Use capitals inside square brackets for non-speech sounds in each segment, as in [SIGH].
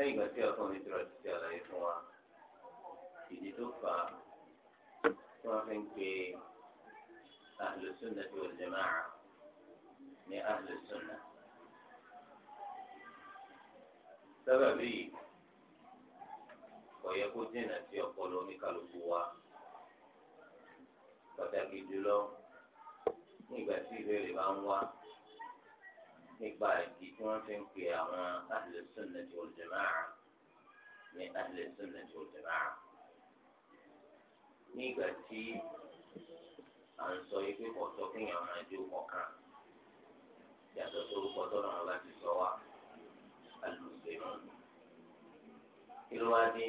lẹ́yìn ìgbà tí ọkọ mi ti rọ títí àlàyé fún wa ìdí tó fà á tí wọ́n fi ń pe àlùsùnà tó lè máa ní àlùsùnà. sábàbí yìí kò yẹ kó dènà sí ọpọlọ oníkàlùkù wa pàtàkì jùlọ nígbà tí ìbéèrè bá ń wá nípa ìdí tí wọ́n fi ń pe àwọn ahlẹ̀ sunnati wal jamaa ní ahlẹ̀ sunnati wal jamaa. nígbà tí à ń sọ yìí pé kọ̀tọ́ kéèyàn máa jó kọ̀ọ̀kan yàtọ̀ tó kọ̀tọ́ náà wọ́n bá ti sọ wá alùpùpù kí ló wá dé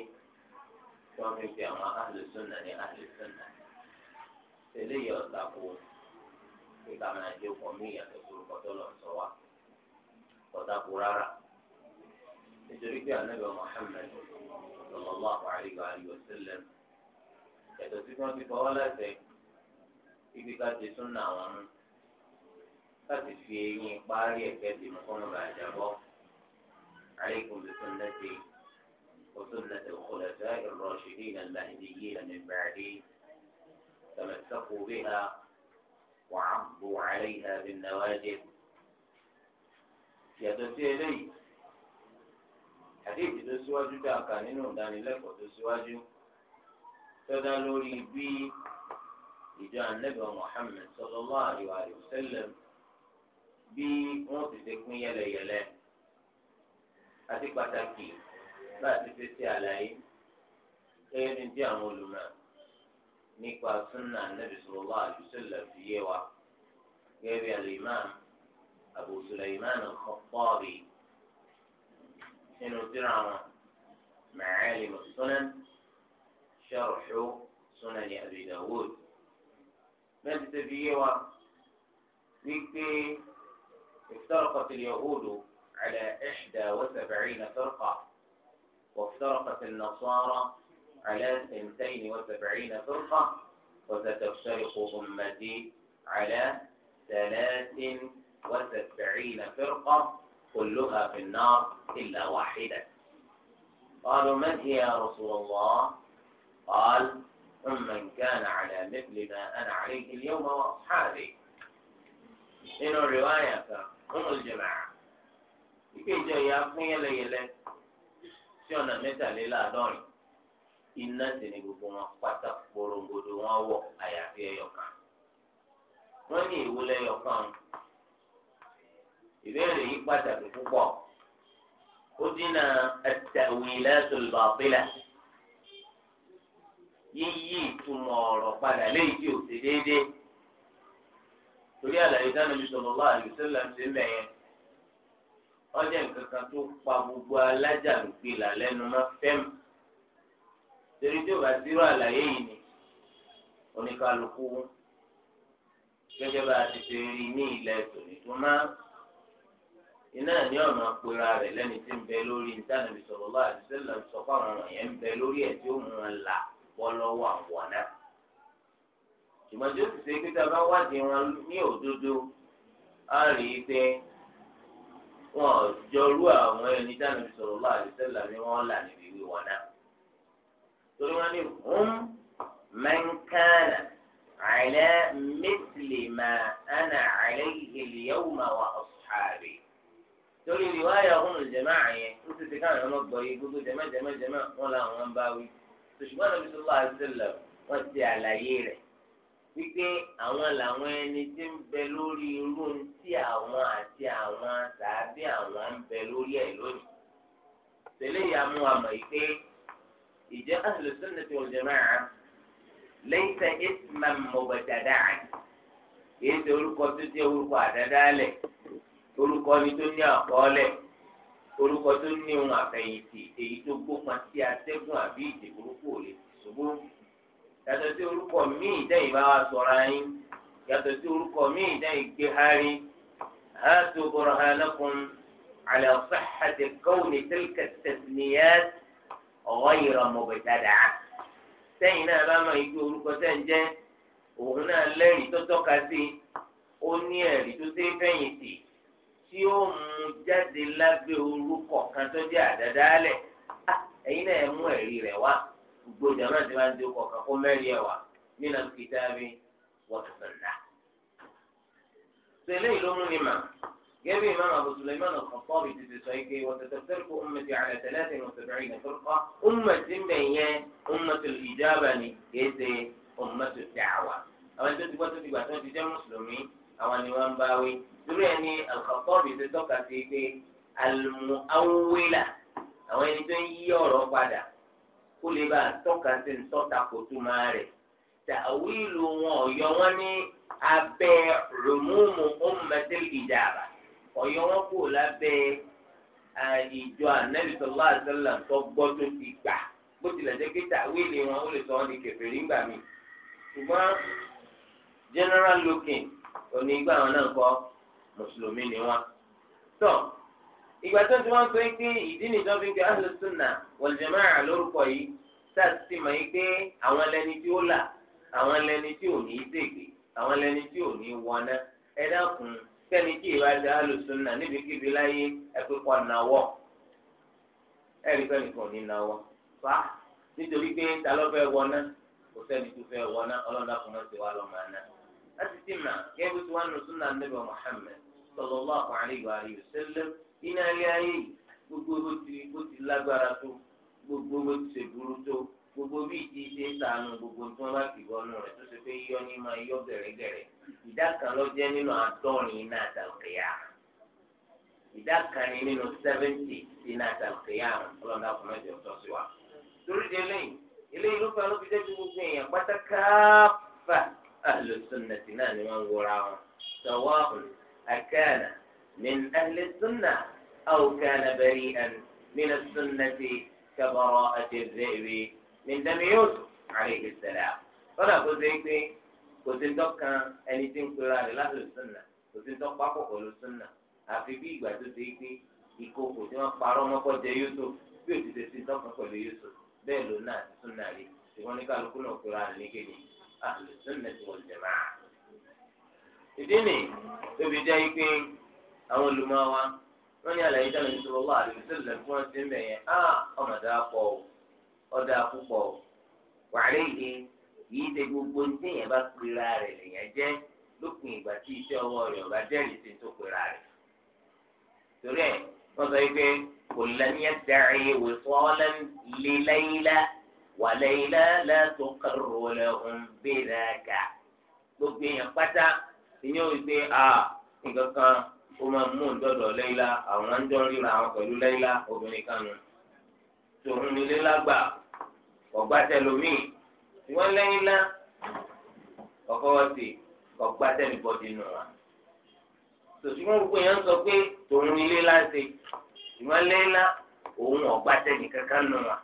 tí wọ́n fi pe àwọn ahlẹ̀ sunnati ní ahlẹ̀ sunnati. eléyìí ọ̀tàkùn kíkà máa jó kọ̀ mí yàtọ̀ tó kọ̀tọ́ lọ sọ wá. ọ̀dà kù rárá nítorí pé ànábì Muhammad sallallahu alaihi wa sallam ẹ̀tọ́ tí wọ́n fi fọwọ́ láṣẹ ibi ká ti sún náà wọn mú láti fi eyín parí ẹ̀kẹ́ ti mú kọ́nà bàjẹ́ bọ́ عليكم بسنتي وسنة الخلفاء الراشدين المهديين من بعدي تمسكوا بها وعضوا عليها بالنواجذ yàtọ̀ sí eléyìí àdéhìí tó síwájú dá ọkà nínú ìdánilẹ́kọ̀ọ́ tó síwájú tọ́dá lórí bí ìjọ ànábì Muhammad sallallahu alaihi wa sallam bí wọ́n ti ṣe pín yẹlẹyẹlẹ àti pàtàkì láti fi ṣe àlàyé gẹ́gẹ́ bí ti àwọn olùmọ̀ nípa sunna ànábì sallallahu alaihi wa fi yé wa gẹ́gẹ́ bí al-imam. أبو سليمان الخطابي إنه درع معالم السنن شرح سنن أبي داود نجد فيه ويكفي افترقت اليهود على إحدى وسبعين فرقة وافترقت النصارى على اثنتين وسبعين فرقة وستفترق أمتي على ثلاث وتسعين فرقة كلها في النار إلا واحدة قالوا من هي يا رسول الله قال من كان على مثل ما أنا عليه اليوم وأصحابي إنه الرواية هم الجماعة يمكن جاي أبني ليلة سيونا متى ليلة دوني iná sì ni gbogbo wọn pátá porongodo wọn wọ àyàfi في يوكان ní ìwúlẹ يوكان ìbéèrè yìí pàtàkì púpọ̀ ó dínà at-ta'wilatul batila yíyí ìtumọ̀ ọ̀rọ̀ padà léyìí tí ò sí déédéé torí àlàyé dáná mi sallallahu alaihi wasallam ṣe ń bẹ̀ yẹn ọjà nǹkan kan tó pa gbogbo alájà lùgbé làlẹ́nu má fẹ́m torí tí ò bá sírò àlàyé yìí ni oníkàlùkù gẹ́gẹ́ bá a ti ṣe rí ní ilẹ̀ tòlítúmọ́ iná ní ọ̀nà àpòra rẹ̀ lẹ́ni tí ń bẹ lórí ìtànàbí sallallahu alaihi wasallam sọ fáwọn ọ̀ràn yẹn ń bẹ lórí ẹ̀ tí ó mú wọn là bọ́ lọ́wọ́ àwọn náà. ṣùgbọ́n tí ó sì ṣe pé tá a bá wádìí wọn ní òdodo á rí i pé wọn ò jọrú àwọn ẹni tànàbí sallallahu alaihi wasallam ni wọ́n là níbi wíwọ náà. torí wọn ní hum man kana ala mithli ma torí ìwáyà ọ̀hún ìjẹ̀má àyẹn ó ti ti káàrin ọlọ́gbọ̀ yìí gbogbo jẹ̀má jẹ̀má jẹ̀má wọn làwọn ń bá wí ṣùgbọ́n nàbí sọlá àṣẹlẹ̀ wọ́n ti àlàyé rẹ̀ wípé àwọn làwọn ẹni tí ń bẹ lórí irú tí àwọn àti àwọn tàbí àwọn ń bẹ lórí ẹ̀ lónìí tẹ́lẹ̀ yà mú àmọ̀ yìí pé ìjẹ́ àṣìlẹ̀sọ́nà ti ọ̀jẹ̀má lẹ́yìn tẹ́ orúkọ ibi tó ní àkọọ́lẹ̀ orúkọ tó ní ohun àfẹ̀yìntì èyí tó gbópa sí atẹ́gùn àbí ìdè burúkú ò lè ṣubú yàtọ̀ sí orúkọ míì dẹ́yìn bá wa sọ̀rọ̀ ayín yàtọ̀ sí orúkọ míì dẹ́yìn gbé hárí هاتوا برهانكم على صحة كون تلك التسميات غير مبتدعة sẹ́yìn náà bá máa igi orúkọ tẹ́ jẹ́ òun náà lẹ́rìí tó tọ́ka sí ó ní ẹ̀rí tó ṣe é tí ó mú jáde lábẹ́ orúkọ kan tó jẹ́ àdádálẹ̀ ah, ẹ̀yin náà mú ẹ̀rí rẹ̀ wá gbogbo jàmá ti máa ń di orúkọ kan kó mẹ́rin ẹ̀ wá nínú kìtàbí wọ́tọ̀tọ̀nà. sẹ́lẹ̀ ìlú mú ni mà gẹ́gẹ́ bí ìmáàmù Abu Sulaiman al-Khattabi ti ti sọ ike wọ́tọ̀tọ̀tẹ̀kù ummati ala thalathin wa sab'ina firqa tó ti gbọ́ tó ti gbà tó ti jẹ́ mùsùlùmí àwọn ni wọ́n ń báwí torí ẹni àkọ́kọ́ mi ti tọ́ka sí pé àlùmù awúwélà àwọn ẹni tó ń yí ọ̀rọ̀ padà kó lè bá tọ́ka sí ntọ́ta kò túmọ̀ rẹ̀ tàwílù wọn ọ̀yọ́ wọn ní abẹ́ rùmùmù ummatil ijaba ọ̀yọ́ wọn kò lábẹ́ ìjọ ànábì sallallahu alaihi wasallam tó gbọ́ tó ti gbà bó tilẹ̀ jẹ́ pé tàwílì wọn ó lè sọ wọn di kèfèrí ńgbà mi ṣùgbọ́n general looking onígbà wọn náà kọ́. mùsùlùmí ni wọn. tó ìgbà tó ń tí wọ́n sọ pé ìdí nìjọ́ fi ń pe ahlu sunna lórúkọ yìí mọ̀ yìí pé àwọn lẹni tí ó là àwọn lẹni tí ò ní í dègbè àwọn lẹni tí ò ní í wọná ẹ dákun sẹ́ni ìwà níbikíbi láyé ẹ pé kọ́ ẹ fa nítorí pé ta wọná kò sẹ́ni tó wọná láti ti mà gẹ́gẹ́ bí wọ́n nù súnà níbi Muhammad sallallahu alaihi wa alihi wasallam iná ilé ayé gbogbo bó ti bó ti lágbára tó gbogbo bó ti ṣe burú tó gbogbo bí ìdí ṣe ń sànù gbogbo tí wọ́n bá ti gbọnú rẹ̀ tó ṣe pé yíyọ ní máa yọ gẹ̀rẹ́gẹ̀rẹ́ ìdá kan ló jẹ́ nínú àádọ́rin iná àtàlùkìyà ìdá kan ní nínú sẹ́fẹ̀ntì iná àtàlùkìyà ọlọ́dà kò mẹ́jọ tọ́ sí wa. torí de eléyìí eléyìí ló fẹ́ ló fi jẹ́ kí gbogbo èèyàn pátákáfà أهل السنة نان من وراهم سواء أكان من أهل السنة أو كان بريئا من السنة كبراءة الذئب من دم يوسف عليه السلام فلا كذلك كذلك كان أن تنقل لأهل السنة كذلك قاقوا أهل السنة àfi bí ìgbà tó ṣe pé ìkòkò tí wọn parọ́ mọkọ jẹ Yusuf bí òtítẹ sí dọkàn pẹ̀lú Yusuf bẹ́ẹ̀ ló náà tún náà rí ṣùgbọ́n ní kálukú náà kóra rẹ ní kéde ahlu sunnati wal jamaa. ìdí ni tóbi jẹ́ pé àwọn olùmọ̀ wa wọ́n ní àlàyé dáná ìṣòro wà àdìsí sílẹ̀ fún ọtí mẹ́yẹn á ọmọ dáa pọ̀ o ọ̀dà púpọ̀ o wàhálà yìí yìí ṣe gbogbo ní téèyàn bá pera rẹ̀ lèèyàn jẹ́ lópin ìgbà tí iṣẹ́ ọwọ́ rẹ̀ ọ̀gá jẹ́rìí sí tó pera rẹ̀ torí ẹ̀ wọ́n sọ pé kò lẹ́ni ẹ̀ dàrí ìwòsàn ọ̀lẹ́ni lé láyé lá. وليلى لا تقر لهم بذاك gbogbo èèyàn pátá ìyẹn ò gbé a nǹkan kan ó máa mú ìdọ́dọ̀ lẹ́yìnlá àwọn ń jọ ríra àwọn pẹ̀lú lẹ́yìnlá obìnrin kan nù tòun ní lẹ́yìnlá gbà ọ̀gbá tẹlómìn ìwọ́n lẹ́yìnlá ọ̀fọwọ́sì ọ̀gbá tẹlifọ̀dì nù gbogbo èèyàn sọ pé tòun ní lẹ́yìnlá ṣe ìwọ́n lẹ́yìnlá òun ọ̀gbá tẹnìkankan nù wá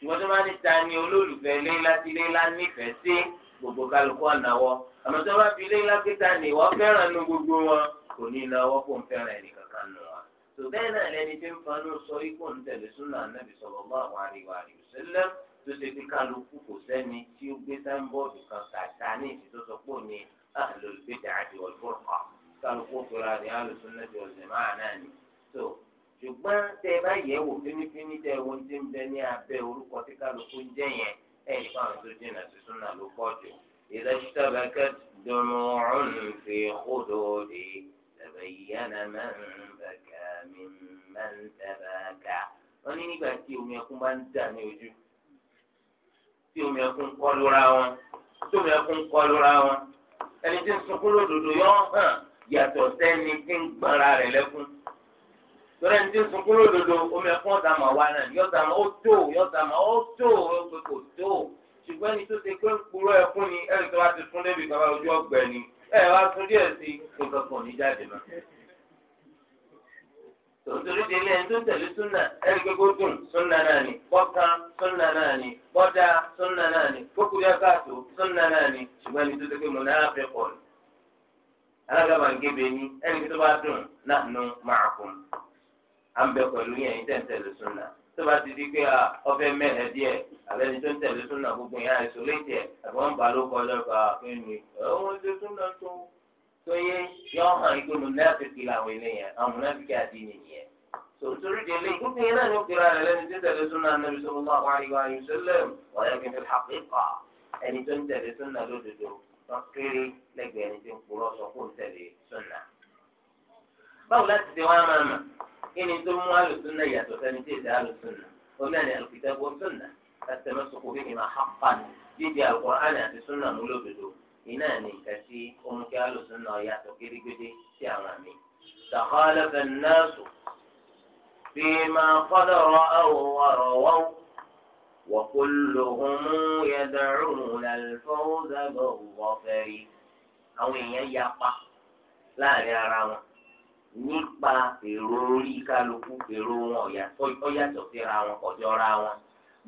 ṣùgbọ́n tó bá ní ta ni olólùfẹ́ léńlá tí léńlá nífẹ̀ẹ́ sí gbogbo kálukú ọ̀nàwọ́ àmọ́ tó bá fi léńlá pé ta ni ìwọ fẹ́ràn nu gbogbo wọn kò ní náwó kó ń fẹ́ràn ẹnìkan kan nù wá. tó bẹ́ẹ̀ náà lẹni tí ń fanú sọ ikú ń tẹ̀lé súnà nàbì sallallahu alaihi wa sallam tó ṣe pé kálukú kò sẹ́ni tí ó gbé sáńbọ́ọ̀dù kan kàtà ní ìtìtọ́sọ ṣùgbọ́n tẹ ẹ bá yẹ wò fínífíní tẹ ẹ wọ́n ti ń bẹ ní abẹ́ orúkọ tí kálukú ń yẹn ẹ̀ nípa àwọn tó jìnnà sí súnà ló pọ̀ jù. إذا اشتبكت دموع في خدودي تبين من بكى ممن تباكى wọ́n ní nígbà tí omi ẹkún bá ń dà ní ojú tí omi ẹkún kọ́ lóra wọn tí omi ẹkún kọ́ lóra wọn ẹni tí ń sunkún lódodo yọ hàn yàtọ̀ sẹ́ni tí ń gbọ́nra rẹ̀ lẹ́kún tọ́lá ní tí sunkún lódodo omi ẹ̀kọ́ ọ̀tá mà wá náà yọ̀tá mà ó tó yọ̀tá mà ó tó yọ̀tá kò tó ṣùgbọ́n ní tó ti pé kúrò ẹ̀kún ni ẹ̀rí tó wá ti fún débi kaba ojú ọgbẹ́ ni ẹ̀ wá tún díẹ̀ sí nǹkan kan ní jáde náà. tòtòrí di ilé ẹni tó tẹ̀lé súnà ẹ̀rí pé kó dùn súnà náà ni bọ́kàn súnà náà ni bọ́dà súnà náà ni kókùrẹ́ káàtó súnà náà ni ṣùgbọ́n ní tó ti pé mo náà fẹ́ pọ̀ ni. alágbàbà ń gébé ni ẹni tó bá dùn náà nù máa kún à ń bẹ pẹ̀lú yẹn ní tẹ̀síntẹ̀lẹ̀ súnà tó bá ti di pé ọfẹ́ mẹ́rẹ̀ díẹ̀ àbẹ́ni tó ń tẹ̀lé súnà gbogbo yẹn àìsàn létí ẹ̀ àbọ̀ ń bá ló kọjá ọ̀gá kínní ọ̀hún ṣe súnà tó tó yẹ yọ hàn ikú múnáfíkì làwọn eléyẹn àwọn múnáfíkì àdínì nìyẹn tòtòrí di eléyìí gbogbo yẹn náà ní òkèrè rẹ lẹ́ni tó ń tẹ̀lé súnà nàbí sọ báwo láti ṣe wá máa mà kí ni tó mú alùsùn náà yàtọ̀ sẹ́ni tí èsì alùsùn náà omi àni alùpùpù sùn náà láti ẹ̀mẹ́ sọ̀kò bí ìmọ̀ àpá ni jíjẹ àlùkùránì àti sùn náà múlòdòdò iná ní nǹkan tí ó mú kí alùsùn náà yàtọ̀ gédégédé sí àwọn àmì. تخالف الناس فيما قد رأوا ورووا وكلهم يدعون الفوز بالظفر àwọn èèyàn yapa láàrin ara wọn nípa èrò orí kálukú èrò wọn ọ̀yàtọ̀ síra wọn ọ̀jọ́ra wọn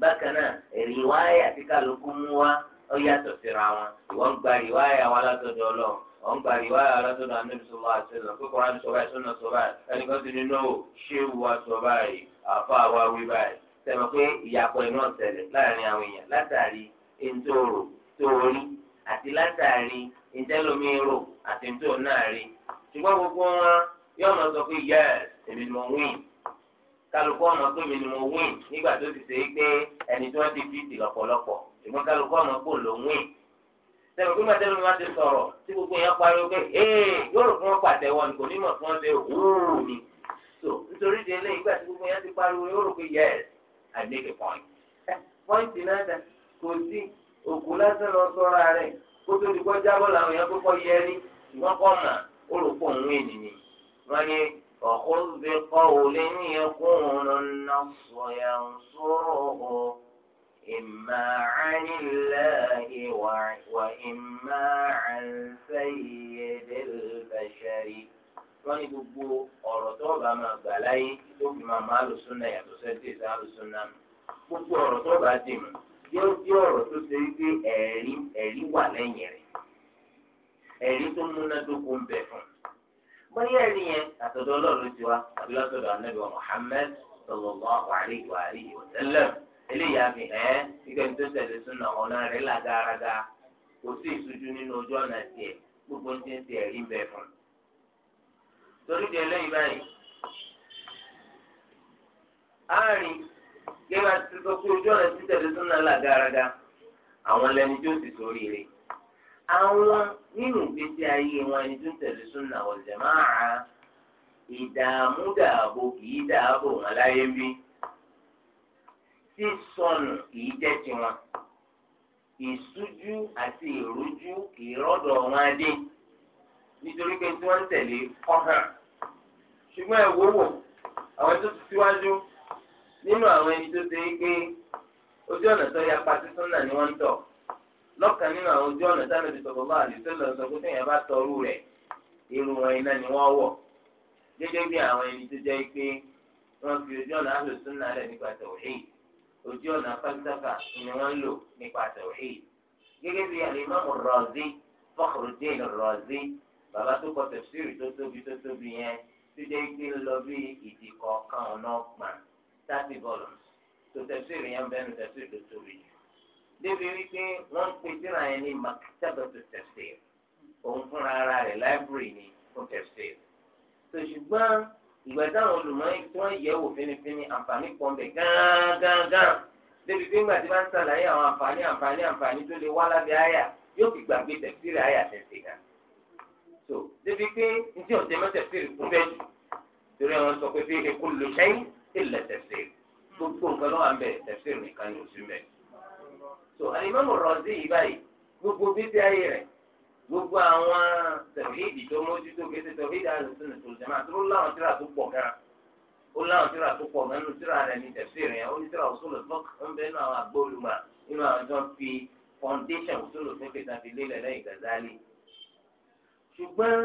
bákan náà rìwáyà tí kálukú mú wá ọ̀yàtọ̀ síra wọn wọ́n gba rìwáyà wa látọ̀dọ̀ ọlọ́run wọ́n gba rìwáyà látọ̀dọ̀ anábì sọ̀rọ̀ àtẹ̀lẹ̀ pé kọ́ra sọ báyìí sọ́nà sọ báyìí ẹnìkan ti ní náà ṣéwù wa sọ báyìí àfa wa wí báyìí sẹ́mi pé ìyàpọ̀ iná ṣẹlẹ̀ láàrin àwọn èèyàn látàrí ntòrò tòrí àti látàrí ntẹ́lómi rò àti ntòrò náà rí ṣùgbọ́n gbogbo wọn yóò máa sọ pé yẹ́s èmi ni mo win kálukú ọmọ pé èmi ni mo win nígbà tó ti ṣe é pé ẹni tí wọ́n ti fi ti lọ́pọ̀lọpọ̀ ìmọ̀ kálukú ọmọ pé òun ló win sẹ́wọ̀n pé màtẹ́nu máa ti sọ̀rọ̀ tí gbogbo yẹn pariwo pé ee yóò rò fún wọn pàtẹ́wọ́ ni kò ní mọ̀ fún wọn ṣe wúrú ni so nítorí di eléyìí nígbà tí gbogbo yẹn ti pariwo yóò rò pé yẹ́s I make a point eh, point náà dà kò sí òkú lásán lọ sọ́ra rẹ̀ kó tó di kọjá bọ́ làwọn yẹn kó kọ́ yẹ ní ìwọ́n kọ́ mà ó rò pé òun ènìyàn wọ́n ní ọ̀kún bí kọ́ òlé ní ẹkún náà yansuruhu imma anillahi wa imma an sayyidil bashari wọ́n ní gbogbo ọ̀rọ̀ tó bá máa gbà láyé tó fi máa máa lò súnà yàtọ̀ sẹ́ńtẹ̀ sá lò súnà gbogbo ọ̀rọ̀ tó bá dì mú yóò jẹ́ ọ̀rọ̀ tó ṣe wípé ẹ̀rí ẹ̀rí wà lẹ́yìn rẹ̀ ẹ̀rí tó múnádóko ń bẹ fún un. bóyá ẹni yẹn àtọ̀dọ̀ ọlọ́run ti wá àbí lọ́sọ̀dọ̀ ànábì wa Muhammad sallallahu alayhi wa eléyà fi hẹ́ ike ní tó tẹ̀lé súnà ọ̀nà rẹ̀ gbogbo ní ti un. torí di ẹlẹ́yìn báyìí gẹ́gẹ́ bá ti sọ pé ojú ọ̀nà ti tẹ̀lé súnà àwọn àwọn nínú ìgbésí ayé wọn ẹni tó ń tẹ̀lé súnà ọ̀sẹ̀ máa ra ìdààmú dààbò kìí dààbò wọn láyé bí sísọnù kìí jẹ́ tiwọn ìṣújú àti ìrújú kìí rọ́dọ̀ wọn adé nítorí pé tí wọ́n ń tẹ̀lé ọ̀hàn ṣùgbọ́n ẹ̀ wúwo àwọn tó ti síwájú nínú àwọn ẹni tó ṣe é pé ojú ọ̀nà tó yapa sí súnà ni wọ́n ń tọ̀ lọ́kàn nínú àwọn ojú ọ̀nà táwọn ibi sọ̀rọ̀ bá àdìsọ́lọ̀ sọ pé téèyàn bá tọrú rẹ̀ irun wọn iná ni wọ́n wọ̀ gẹ́gẹ́ bí àwọn ẹni tó jẹ́ pé wọ́n fi ojú ọ̀nà àlòsùn náà lẹ̀ nípa tawhid ojú ọ̀nà falsafa ni wọ́n lò nípa tawhid gẹ́gẹ́ bí al-Imam ar-Razi bàbá tó kọ tafsiri tó tóbi tó tóbi yẹn débi wípé wọ́n ń pe síra yẹn ní maktabatu tafsir òun fúnra ara rẹ̀ library ni fún tafsir. tó ṣùgbọ́n ìgbà táwọn olùmọ̀ọ́yìn tí wọ́n yẹ̀wò fínífíní àǹfààní pọ̀ bẹ̀ gángan débi pé ńgbà tí wọ́n ń sàlàyé àwọn àǹfààní àǹfààní àǹfààní tó lè wá lábẹ́ àyà yóò fi gbàgbé tafsir àyà tafsir gan. tó débi pé ntí ọ̀tẹ̀ mọ́ tafsir kún bẹ́ẹ̀ jù torí àwọn sọ pé fi kullu shay illa tafsir gbogbo nǹkan lọ́wọ́ à ń bẹ̀ tafsir nìkan ní òsì mẹ́rin tó alimami rọ̀ọ̀dì yìí báyìí gbogbo bíbí ayé rẹ̀ gbogbo àwọn tẹ̀lifíìdì tó mójútó kéde tẹ̀lifíìdì àlùsùn ìtòlùjẹ́mà tó láwọn tíra tó pọ̀ gan ó láwọn tíra tó pọ̀ gan nínú tíra rẹ̀ ní tẹ̀síìrì yẹn ó ní tíra òṣùlù fọ́k ń bẹ nínú àwọn agbóolùmọ̀ nínú àwọn tó ń fi fọ́ndéṣàn òṣùlù fún kẹta fi lélẹ̀ lẹ́yìn gàzálì. ṣùgbọ́n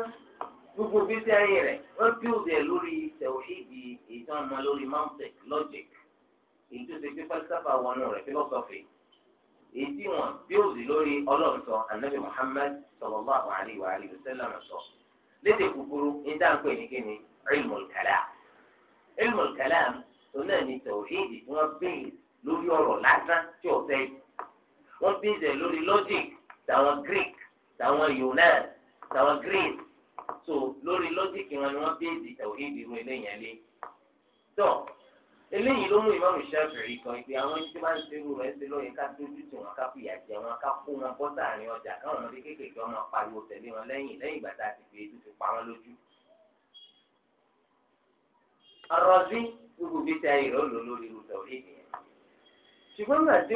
gbogbo bíbí ayé rẹ̀ wọ́n bí ó bẹ̀ lórí tẹ̀lifíìdì ìtàn ọmọ lórí mount tech logic èyí tó ti gbé fẹ́lẹ́sàfà wọnú rẹ̀ philosophy èyí tí wọn bí lórí anabi muhammad sallallahu alayhi wa wa sallam sọ kúkúrú ní kíni tó náà ní tòhídì tí lórí lásán tí lórí tàwọn greek tàwọn yunan tàwọn greek lórí wọn ni eléyìí ló mú ìmáàmù Ṣáfi'í kan pé àwọn ẹni tí wọ́n ń serú rẹ̀ ṣe lóye ká tójú tì wọ́n ká fìyà jẹ wọn ká kó wọn bọ́ sáàrin ọjà káwọn ọmọdé kéékèèké ọmọ pariwo tẹ̀lé wọn lẹ́yìn lẹ́yìn ìgbà tá a ti fi ètò ti pa wọn lójú. ọ̀rọ̀dí gbogbo bíi ta ìrọ̀ lò lórí ìrùtọ̀ orí ìyẹn. ṣùgbọ́n nígbà tí ó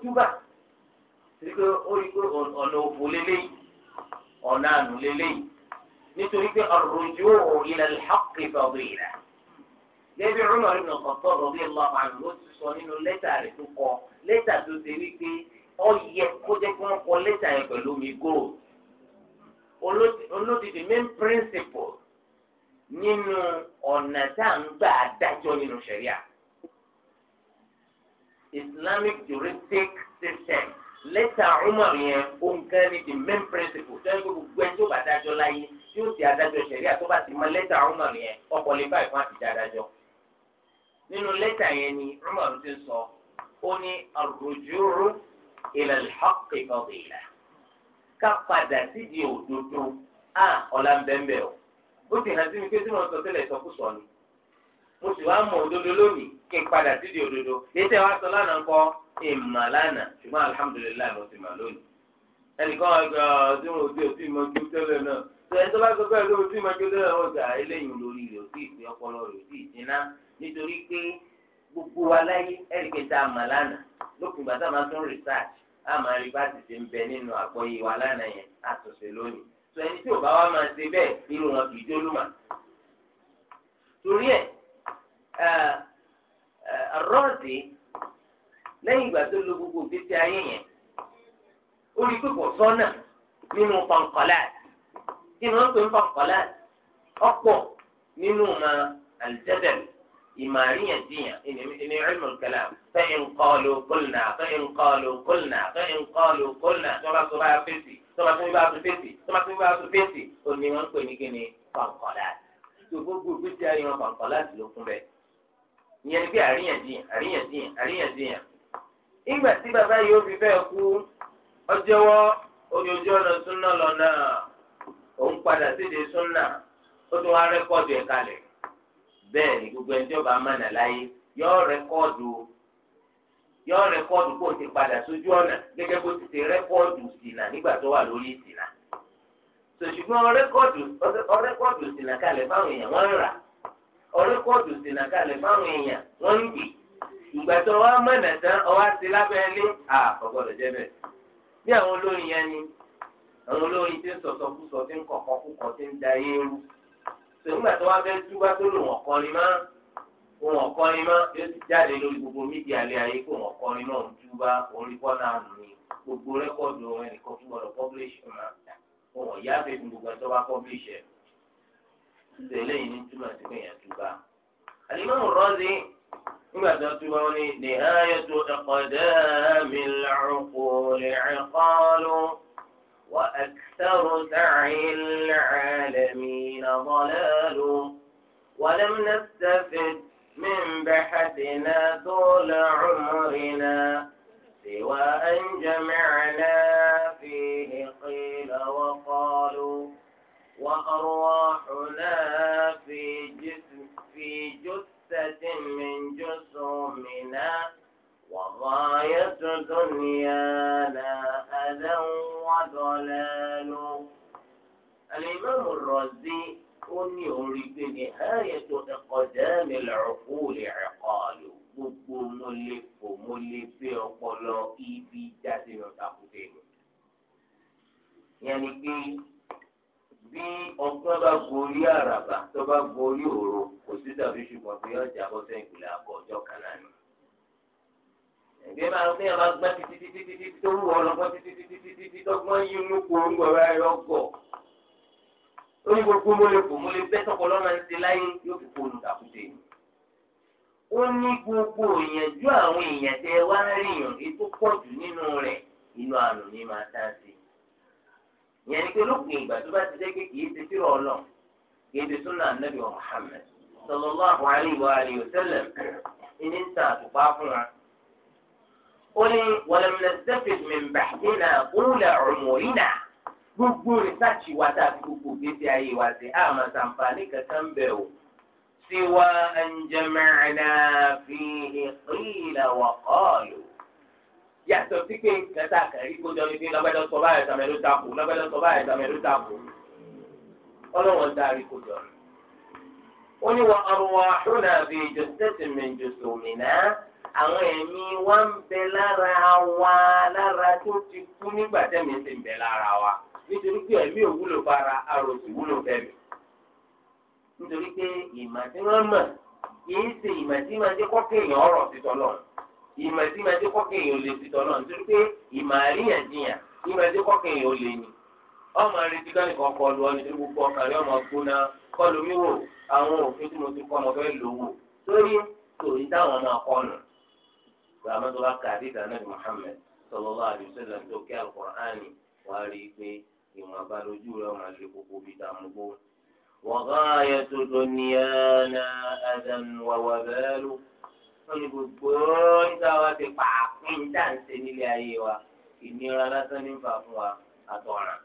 túbà sí pé ọ̀nà òfò lélẹ́yìn ọ̀nà ànú lẹ́bí Umar ibn Khattab radiyallahu anhu ló ti sọ nínú lẹ́tà rẹ̀ tó kọ lẹ́tà tó ṣe wípé ó yẹ kó jẹ́ kí wọ́n kọ lẹ́tà yẹn pẹ̀lú omi gold olódìdí main principle nínú ọ̀nà tá à ń gbà adájọ́ nínú ṣẹ̀ríà Islamic juridic system lẹ́tà Umar yẹn òǹkan ni the main principle tó ń gbé gbogbo ẹ tó bá dájọ́ láyé tí ti adájọ́ ṣẹ̀ríà tó bá ti mọ lẹ́tà Umar yẹn ọ̀pọ̀ lè bá ìfún àtijọ́ adájọ́ nínú lẹ́tà yẹn ni Umar ti sọ ó ní ar-rujuu ila al-haqq fadila ká padà sídi òdodo á ọ̀la bẹ́ẹ̀ o ó ti hàn sí mi pé tí wọ́n sọ sílẹ̀ sọkúsọ ni mo sì wá mọ òdodo lónìí kí n padà sídi òdodo létẹ̀ wá sọ lánàá kọ́ ìmọ̀ lánàá ṣùgbọ́n alhamdulilayi mo ti mọ̀ lónìí ẹnìkan ọgbà ọdún òbí òbí mọ́jú tẹ́lẹ̀ náà sẹ́yìn tó bá sọ pé ẹ̀rọ òtún ìmọ̀jọ́lẹ́ ọ̀gá eléyìí lórí rẹ̀ òtún ìpín ọpọlọ rẹ̀ òtún ìdínà nítorí pé gbogbo wa láyé ẹ̀ríkẹ́ tá a mà lánàá lókùn ìgbà tá a máa tún research a máa rí bá ti ṣe ń bẹ nínú àgbọ́yé wa lánàá yẹn àtúnṣe lónìí sọ ẹni tí ò bá wa máa ṣe bẹ́ẹ̀ irú wọn kì í jólúmọ̀ torí ẹ̀ rọ́ọ̀dì lẹ́yìn ìgbà tó lo gbogbo òfin ayé yẹn ó rí pípọ̀ sọ́nà nínú pọ̀nkọ́láàt kí ni wọ́n pè ń fọ kọ́lá ọ̀pọ̀ nínú ma àlùjẹ́dẹ̀l ìmọ̀ àríyànjiyàn ìní ìrìnnà kẹlẹ́ fẹ́yìn kọ́ọ̀lù kólnà fẹ́yìn kọ́ọ̀lù kólnà fẹ́yìn kọ́ọ̀lù kólnà tọ́ba tó bá fèsì tọ́ba tó bá tó fèsì tọ́ba tó bá tó fèsì òní wọ́n pè ní kíni kọ̀ǹkọ̀lá tó gbogbo gbèsè ayé wọn kọ̀ǹkọ̀lá ti ló kún bẹ́ẹ̀ ìyẹn ni pé àríyànjiyàn àríyànjiyàn àríyànjiyàn ìgbà tí bàbá yìí ó fi fẹ́ òun padà síde súnà ó tún wá ẹ̀ kalẹ̀ bẹ́ẹ̀ ni gbogbo ẹni tí ọba láyé yọ yọ kó o ti padà sójú ọ̀nà gẹ́gẹ́ bó ti ṣe rẹ́kọ́ọ̀dù ṣìnà nígbà tó wà lórí ìṣìnà sòṣùgbọ́n ọ̀rẹ́kọ́ọ̀dù ṣìnà kalẹ̀ fáwọn èèyàn wọ́n rà kalẹ̀ fáwọn èèyàn wọ́n ń gbì ìgbà tó wá mọ̀nà tán ọwá ti lábẹ́ ilé à jẹ́ bẹ́ẹ̀ bí àwọn olórin tí ń sọ̀tọ̀ kú sọ tí ń kọ̀kọ́ kú kọ́ tí ń da ayé rú sèǹgbà tó wá fẹ́ túbá tó lò wọ́n kọrin má wọ́n kọrin má yóò ti jáde lórí gbogbo mídíà alẹ́ ayé kó wọ́n kọrin náà ń túbá orí kọ́nà àmì gbogbo rẹ́kọ̀dù ọ̀hún ẹnìkan fún gbọ́dọ̀ publish ọ̀nà wọ́n yá fẹ́ fún gbogbo ẹ̀tọ́ bá publish ẹ̀ tẹ̀lé yìí ní túmọ̀ sí pé yẹn tó túbọ̀ wọn ni nìhayẹ́tò ẹ̀kọ́ lọ́wọ́. وأكثر سعي العالمين ضلال ولم نستفد من بحثنا طول عمرنا سوى أن جمعنا فيه قيل وقالوا وأرواحنا في جثة في جثة من جسومنا وغاية دنيانا أذى وضلال الإمام الرازي أني أريد نهاية أقدام العقول عقال gbogbo mọlẹfọ mọlẹfẹ ọpọlọ ibi jáde lọtàkùtẹ ni yẹnni pé bí ọgbọ́n bá gorí àràbà tó bá gorí òru kò sí tàbí ṣùgbọ́n pé ọjà bọ́ sẹ́yìn ìpìlẹ̀ àbọ̀ ọjọ́ kan náà ni. ìgbé máa ń bụ gbọ́n títí títí títí tó wù ọ́ lọ́gbọ́n títí tọ́gbọ́n yín inú kò ń gbọ̀ rẹ̀ ọgọ̀. ó ní gbogbo mọ́lẹ́kùn mọ́lẹ́fẹ́ ń láyé yóò fi ó ní gbogbo ìyànjú àwọn èèyàn tẹ wá ó ní walam nastafid min bahthina ula umurina gbogbo rìsáàcì wa tá a fi gbogbo gbèsè ayé wa sí àmà sàǹfààní kankan bẹ̀ o. siwa an jama'na fihi qila wa qalu. yàtọ̀ sí pé nǹkan tá a kàn rí kójọ ní bí lọ́gbẹ́dọ̀ sọ báyọ̀ sàmẹ́lú takò lọ́gbẹ́dọ̀ sọ báyọ̀ sàmẹ́lú takò. ọlọ́wọ́n dá rí kójọ. ó ní wa arwahuna fi juz'atin min àwọn ẹ̀mí wa ń bẹ lára wa lára tó ti kú nígbà tẹ̀mí ti ń bẹ lára wa nítorí pé ẹ̀mí ò wúlò fara àròsì wúlò fẹ́mi nítorí pé ìmọ̀ tí wọ́n mọ̀ kìí ṣe ìmọ̀ tí máa jẹ́ kọ́kẹ́ èèyàn ọ̀rọ̀ ìmọ̀ tí máa jẹ́ kọ́kẹ́ èèyàn tí kọ lu gbogbo ọmọ gbóná wò àwọn òfin tí mo ti kọ́ fẹ́ gbàmọ́tò wa kà àdìsí anabi Muhammad sallallahu alaihi wasallam tó kí alukur'ani wà á rí i pé ìwọ̀nba lójú rẹ̀ wọn àti kókó bíi dàmúgbó. وغاية دنيانا أذى ووبال wọ́n ní gbogbo níta wa ti pààkùn dáǹsẹ̀ nílé ayé wa ìnira lásán ní fà fún wa àtọ̀ràn.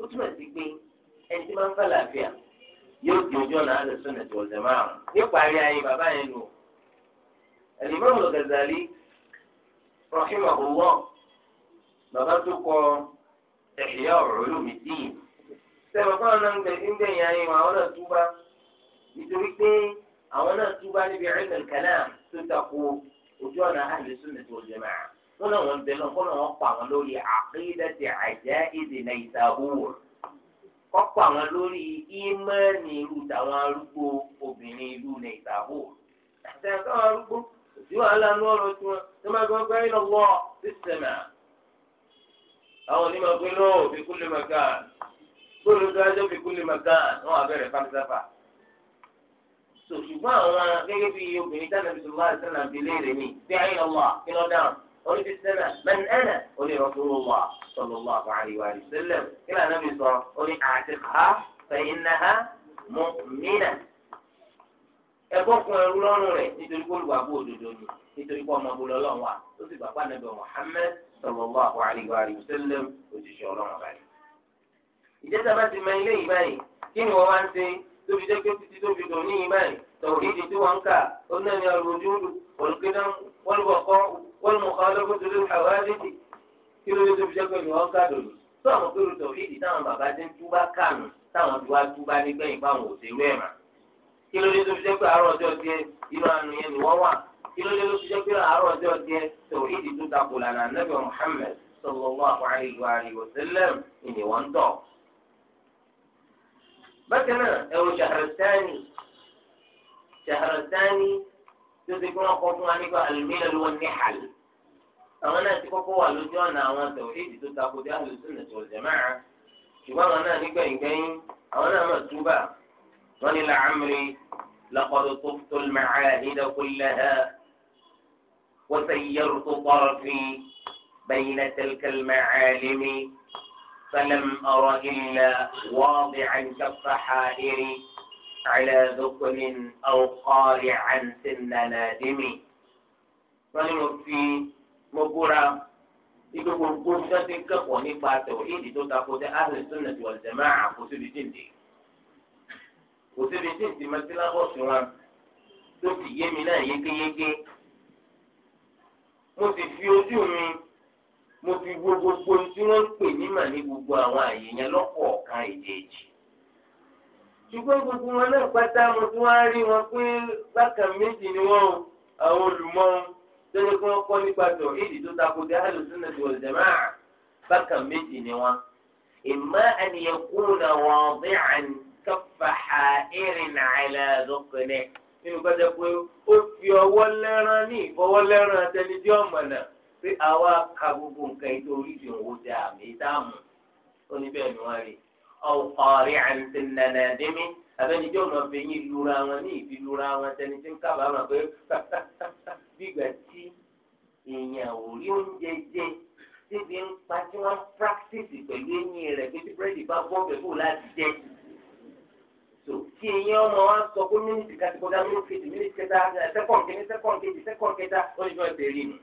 ó túmọ̀ sí pé ẹni tí máa ń fà láàfíà yóò di ojú ọ̀nà àlùsùn ẹ̀jọ̀ ọ̀sẹ̀ Al-Imam Al-Ghazali rahimahullah bàbá tó kọ Ihya Ulumuddin sẹ́wọ̀n fún àwọn gbẹ̀gbẹ̀ yẹn ayé wọn àwọn náà túbá nítorí pé àwọn náà túbá níbi ilm al-kalam tó takò ojú ọ̀nà ahli sunnah wal jama'ah wọn náà wọn bẹ̀rẹ̀ kọ́ náà wọn pa àwọn lórí aqidati ajaiz Naysabur kọ́ pa àwọn lórí ìmánì irú tàwọn arúgbó obìnrin irú Naysabur àti àtàwọn arúgbó òsì wàhálà nù ọ̀rọ̀ tí wọn tó máa gbọ́ pé ẹ̀yìn lọ́wọ́ sísèmà àwọn onímọ̀ pé lọ́wọ́ fi kúlẹ̀ màkàn gbọ́dọ̀ tó ajọ́ fi kúlẹ̀ màkàn wọn àbẹ̀rẹ̀ fáfífáfá. sò ṣùgbọ́n àwọn gẹ́gẹ́ bí obìnrin táwọn ẹbí sọ̀rọ̀ láti sẹ́nà bí léèrè mi bí ẹ̀yìn lọ́wọ́ kí lọ́ dáhùn orí ti sẹ́nà mẹ́ni ẹ̀nà orí rọ́fúrúwà sọ̀lọ́wọ́ ẹgbọ́n kun ẹrú lọ́rùn rẹ̀ nítorí kó olùwàgbọ́ òdodo ni nítorí kó ọmọ bó lọ́lọ́run wa ó sì gbàgbọ́ ànábì Muhammad sallallahu alaihi wa sallam òṣìṣẹ́ ọlọ́run báyìí. ìjẹ́sà bá ti mọ ilé yìí báyìí kí ni wọ́n wá ń ṣe tóbi jẹ́ pé títí tóbi dùn ní yìí báyìí tọ̀wọ̀ ìdí tí wọ́n ń kà ó náà ní ọrùn ojú rù wọ́lùkídán wọ́lùwọ̀kọ́ wọ́lùmọ̀kọ́ kí ló dé tó fi jẹ́ pé àárọ̀ ọjọ́ tiẹ̀ irú àánú yẹn ni wọ́n wà kí ló dé tó fi jẹ́ pé àárọ̀ ọjọ́ tiẹ̀ tòun ìdí tó takò lànà nẹ́bẹ̀ Muhammad sallallahu alaihi wa alihi wa sallam ìní wọ́n tọ̀. bákan náà ẹ̀rù Shahrastani Shahrastani tó ti kí wọ́n fún wa nípa al-milal wan-nihal àwọn náà ti kọ́kọ́ wà lójú ọ̀nà àwọn tòun tó takò dé Ahlus Sunnah wal ṣùgbọ́n àwọn náà nígbẹ̀yìngbẹ̀yìn àwọn náà mọ̀ túbà ولعمري لقد طفت المعاهد كلها وسيرت طرفي بين تلك المعالم فلم أر إلا واضعا كف حائري على ذكر أو قارعا سن نادم ونوفي مبورا إذا كنت كفوني فاتوحيدي تتاكد أهل السنة والجماعة قلت بجندي kò síbi tí ìsìnmọ́ sílábọ̀sì wọn tó ti yé mi náà yékéyéké mo sì fi ojú mi mo fi wo gbogbo tí wọ́n ń pè ní mà ní gbogbo àwọn àyè yẹn lọ́pọ̀ ọ̀kan èjèèjì ṣùgbọ́n gbogbo wọn náà pátá mo tún wá rí wọn pé bákan méjì ni wọ́n o àwọn olùmọ̀ tẹ́lẹ̀ kí wọ́n kọ́ nípa tọ̀ èdè tó ta kò dé àlùsùnà tó ọ̀sẹ̀ máa bákan méjì ni wọ́n. imma an yakuna wadi'an fàhà ìrìnà àìlàdókòlẹ̀ nínú kọjá pé ó fi ọwọ́ lẹ́rán ní ìfọwọ́ lẹ́rán tẹni tí ọmọ náà pé àwa ka gbogbo nǹkan ètò oríṣi òwò dé àmì dáàmú ó ní bẹ́ẹ̀ ni wọ́n rí ọ̀rí àǹtí nànàdínmí abẹ́ni tí ọmọ fi yín lura wọn ní ìfi lura wọn tẹni tí ń kábàámọ̀ pé gbígbà [LAUGHS] tí èèyàn ò rí oúnjẹ jẹ síbi ń pa tí wọ́n practice pẹ̀lú eyín rẹ̀ pé tí búrẹ́dì bá bọ́ bẹ̀ fún láti jẹ kí eyín ọmọ wa sọ pé mínísítì kàtìkọ́dá mínísítì mínísítì kẹta sẹ́kọ̀n kìíní sẹ́kọ̀n kejì sẹ́kọ̀n kẹta ó ní bá ṣe rí ni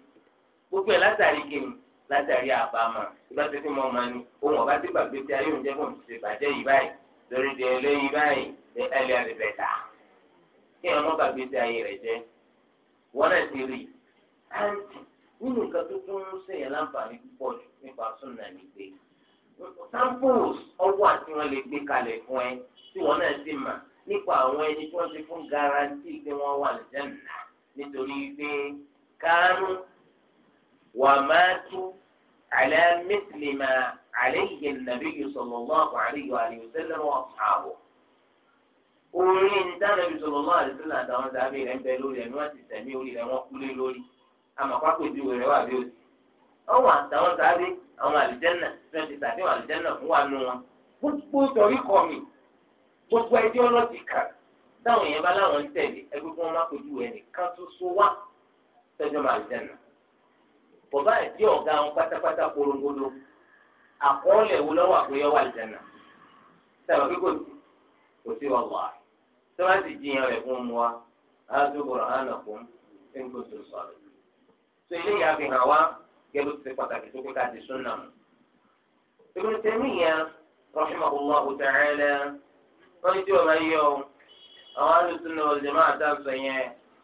gbogbo ẹ̀ látàrí kìíní látàrí àbámọ̀ ìbá ṣe fún ọmọ ni ohun ọ̀bá tí gbàgbé tí ayé òun jẹ́ fún ṣe bàjẹ́ yìí báyìí lórí di ẹlẹ́yìí báyìí ní ẹlẹ́ àdìbẹ̀tà kí ẹ̀ ọmọ gbàgbé tí ayé rẹ̀ jẹ́ wọ́n náà ti rí àǹtí nínú nǹkan tó tún ń ṣèyàn láǹfààní púpọ̀ nípa súnà nígbè samples ọwọ́ àti wọn lè gbé kalẹ̀ fún ẹ tí wọn náà sì mà nípa àwọn ẹni tí wọ́n ti fún garanti pé wọ́n wà ní jẹ́nà nítorí pé kánú wà máa tú àlẹ́ mẹ́tìlímà àlẹ́ ìyẹn nàbí sallallahu alaihi wa sallam àwọ̀ orí nítorí ibi sallallahu alaihi wa sallam àtàwọn sábẹ́ rẹ̀ ń bẹ lórí ẹ̀ ní wọ́n ti tẹ̀mí orí rẹ̀ wọ́n kú lé lórí àmọ́ pápẹ́ ìdíwọ̀ rẹ̀ wà bí ó ti ọwọ́ àtàwọn sábẹ́ àwọn àlùjẹ́nà náà ti sàdéhùn àlùjẹ́nà fún wa nù wọn gbogbo torí kọ mi gbogbo ẹjọ́ ọlọ́tì kà táwọn èèyàn bá láwọn ń tẹ̀lé ẹgbẹ́ fún wọn má kojú ẹ̀ nìkan ṣoṣo wá tọ́jọ́ máa àlùjẹ́nà bọ̀bá ìdí ọ̀gá wọn pátápátá korongodo àkọọ́lẹ̀ wo lọ́wọ́ àgbéyẹ̀wò àlùjẹ́nà sábà pé kò sí kò sí ọ̀wà sábà sì jiyàn rẹ̀ fún mu wa á tó bọ̀rọ̀ hàn nàkún ẹ̀ ń kó tó sọ̀rọ̀ gẹ́gẹ́ ti pàtàkì tó kó ká di súnà. Ibn Taymiyyah rahimahullahu ta'ala wọ́n ti wọ́n máa yọ àwọn alùsùnà ọ̀lẹ́mọ̀ àtàkùn yẹn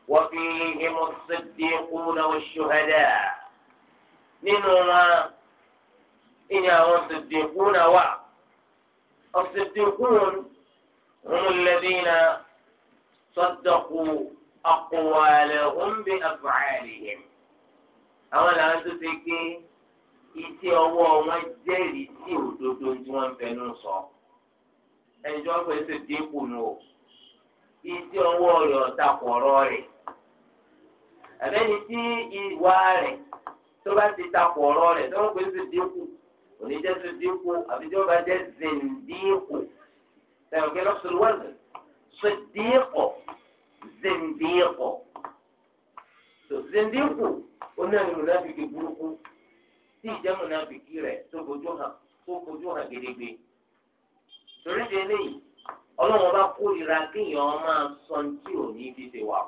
wọ́n fi himu siddiquna wash-shuhada. Nínú wọn ìní àwọn siddiquna wà. As-siddiqun hum alladhina saddaqu aqwalahum bi af'alihim. àwọn làwọn tó fi gbé iṣẹ́ ọwọ́ wọn jẹ́rìí sí òdodo tí wọ́n fẹnu sọ ẹni tí wọ́n fẹ́ ṣe dínkù nù o iṣẹ́ ọwọ́ rẹ̀ ọ̀tá kọ̀ọ̀rọ̀ rẹ̀ àbẹ́ni tí ìwà rẹ̀ tó bá ti ta kọ̀ọ̀rọ̀ rẹ̀ tó wọ́n fẹ́ ṣe dínkù oníjẹ́ ṣe dínkù àbí tí wọ́n bá jẹ́ zèndínkù sẹ́wọ̀n kí lọ́sọ̀rọ̀ wọ́n ṣe dínkù zèndínkù. sòsìndínkù onáni múnáfìkì burúkú tí ìjẹ́ múnáfìkì rẹ̀ tó fojú hàn tó fojú hàn gedegbe torí di eléyìí ọlọ́run bá kórìíra kéèyàn máa sọ tí ò ní fi ṣe wà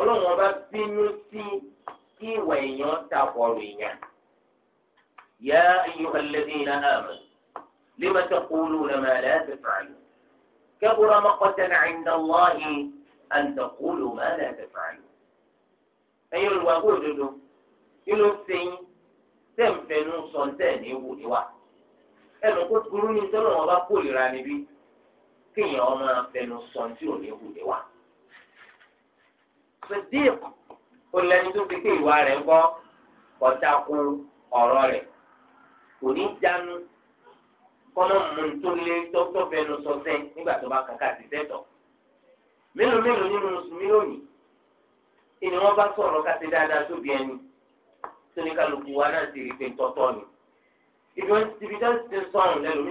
ọlọ́run bá bínú sí kí ìwà èèyàn takọ̀rọ̀ èèyàn yá ayyuhal ladhina amanu lima taquluna ma la taf'alun kabura 'inda Allahi. أن تقولوا ما لا تفعلون ẹ̀yin olùwàgbọ́ òdodo kí ló ṣe yín tẹ̀m̀fẹ̀nu sọ̀tẹ̀ ní wò níwà ẹnu kó burú ní tọ́lọ̀ wọn bá kórìíra níbí kéèyàn ọmọ afẹnu sọ̀tì ò ní wò níwà. sadiq kò lẹni tó fi pé ìwà rẹ̀ ń kọ́ kọjá kú ọ̀rọ̀ rẹ̀ kò ní jánu kọ́nà mú tó lé tọ́tọ́fẹ̀nu sọ̀tẹ̀ nígbà tó bá kàkà sí tẹ́tọ̀. mélòó mélòó nínú mùsùlùmí lónìí ìní wọn bá sọ̀rọ̀ ká ti dáadáa tóbi ẹni tó ní kálukú wa náà ti rí pé tọ́tọ́ ni ibi wọn ti fi dáhùn ti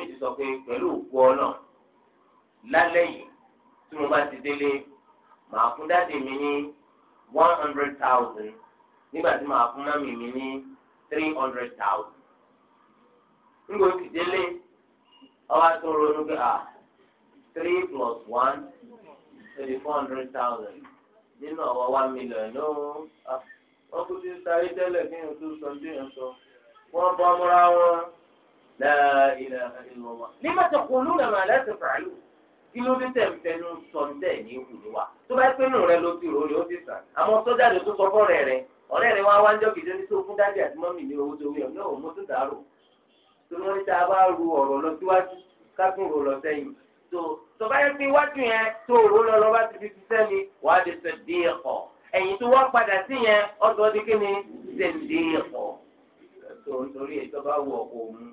ti sọ pé pẹ̀lú òkú lálẹ́ yìí tí mo bá ti délé màá fún dáàdì mi ní one hundred thousand nígbà tí màá fún mi ní three hundred thousand nígbà tí délé ọba tó níbi four hundred thousand nínú ọ̀wọ́ one million ló ń ah, wọ́n kú sí sáré tẹ́lẹ̀ kí n tún sọ bí yẹn sọ wọ́n bọ́ múra wọn láìlà ìlọ́wọ́. nígbà tó kún lóun àmà láti fàálù kí ló dé tẹ̀m̀fẹ́ ló ń sọ níta ẹ̀ ní ìwù ni wa tó bá pé nù rẹ ló ti rò ó lè ó ti sàn àmọ́ sójà ló tó sọ fọ́ọ̀rẹ́ rẹ ọ̀rẹ́ rẹ wá wá ń jọ́ kìjọ́ ní tó fún dájú àti mọ́mì ní owó tó wí ọ̀ náà ò mú tó dàrú tó lórí tá a bá ru ọ̀rọ̀ lọ síwájú ká lọ sẹ́yìn tó tó bá yẹ pé iwájú yẹn tó òró lọ lọ bá ti fi ṣiṣẹ́ ni wàá di sèdíẹ̀kọ̀ ẹ̀yìn tó wá padà sí yẹn ọ̀dọ́ di kí ni sèdíẹ̀kọ̀ tó nítorí ètò bá wù ọ̀kọ̀ mu.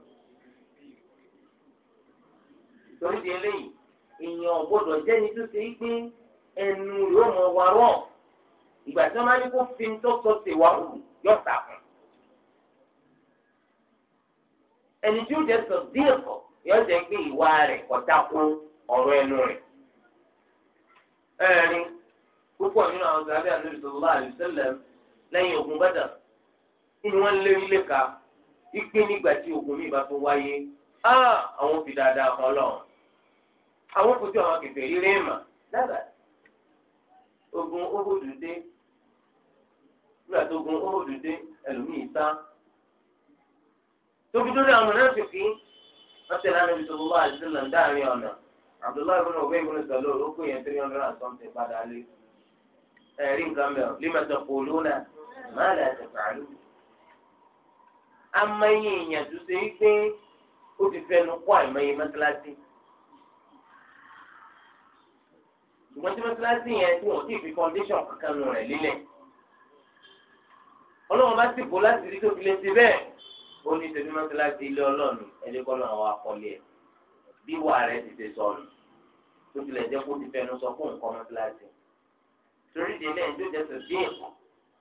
torí di eléyìí èèyàn gbọ́dọ̀ jẹ́ni tó ṣe é gbé ẹnu yóò mọ wa rọ̀ ìgbà tí wọ́n máa ní kó fi ń tọ́sọ ṣe wá rù yọ̀ tà fún. ẹni tí ó jẹ́ sọ̀ díẹ̀ kọ̀. yóò jẹ́ pé ìwà rẹ̀ kọjá kú ọ̀rọ̀ ẹnu rẹ̀. ẹ̀rí púpọ̀ nínú àwọn gàdí àdúrà sọ̀rọ̀ àlùsẹ́lẹ̀ lẹ́yìn ogun bàdà kí wọn lé ilé ka Ikpe nígbà tí ogun mi bá tó wáyé àwọn fi dáadáa kan lọ àwọn kò tí àwọn kẹfẹ́ rí ogun nígbà tó ogun ẹlòmíì àwọn lọ́sẹ̀ náà níbi tó lọ́wọ́ àti sílẹ̀ dáàrin ọ̀nà Abdullahi ibùdó òbí ibùdó sọ̀lọ́ ló pè yẹn three hundred and something padà lé ẹ̀rí nǹkan mẹ́ọ̀ límẹ̀tọ̀ kò lónà má lè àtẹ̀fàálù. amáyé èèyàn tó ṣe é pé ó ti fẹnu kọ́ àìmọye mọ́tíláṣí. ṣùgbọ́n tí mọ́tíláṣí yẹn tí wọ́n ti fi foundation kankan nù rẹ̀ lílẹ̀. ọlọ́run bá sì bọ́ láti rí tó fi lè ṣe bẹ́ẹ̀ ó ní tẹ̀mí mọ́sálásí ilé ọlọ́ọ̀nù ẹ̀jẹ̀ kọ́ náà wà kọ́lé ẹ̀ bí wà rẹ̀ ti ṣe sọ̀rọ̀ tó tilẹ̀ jẹ́ kó ti fẹnu sọ fún nǹkan mọ́sálásí torí di ilé ìjọ jẹsẹ̀ sí èkó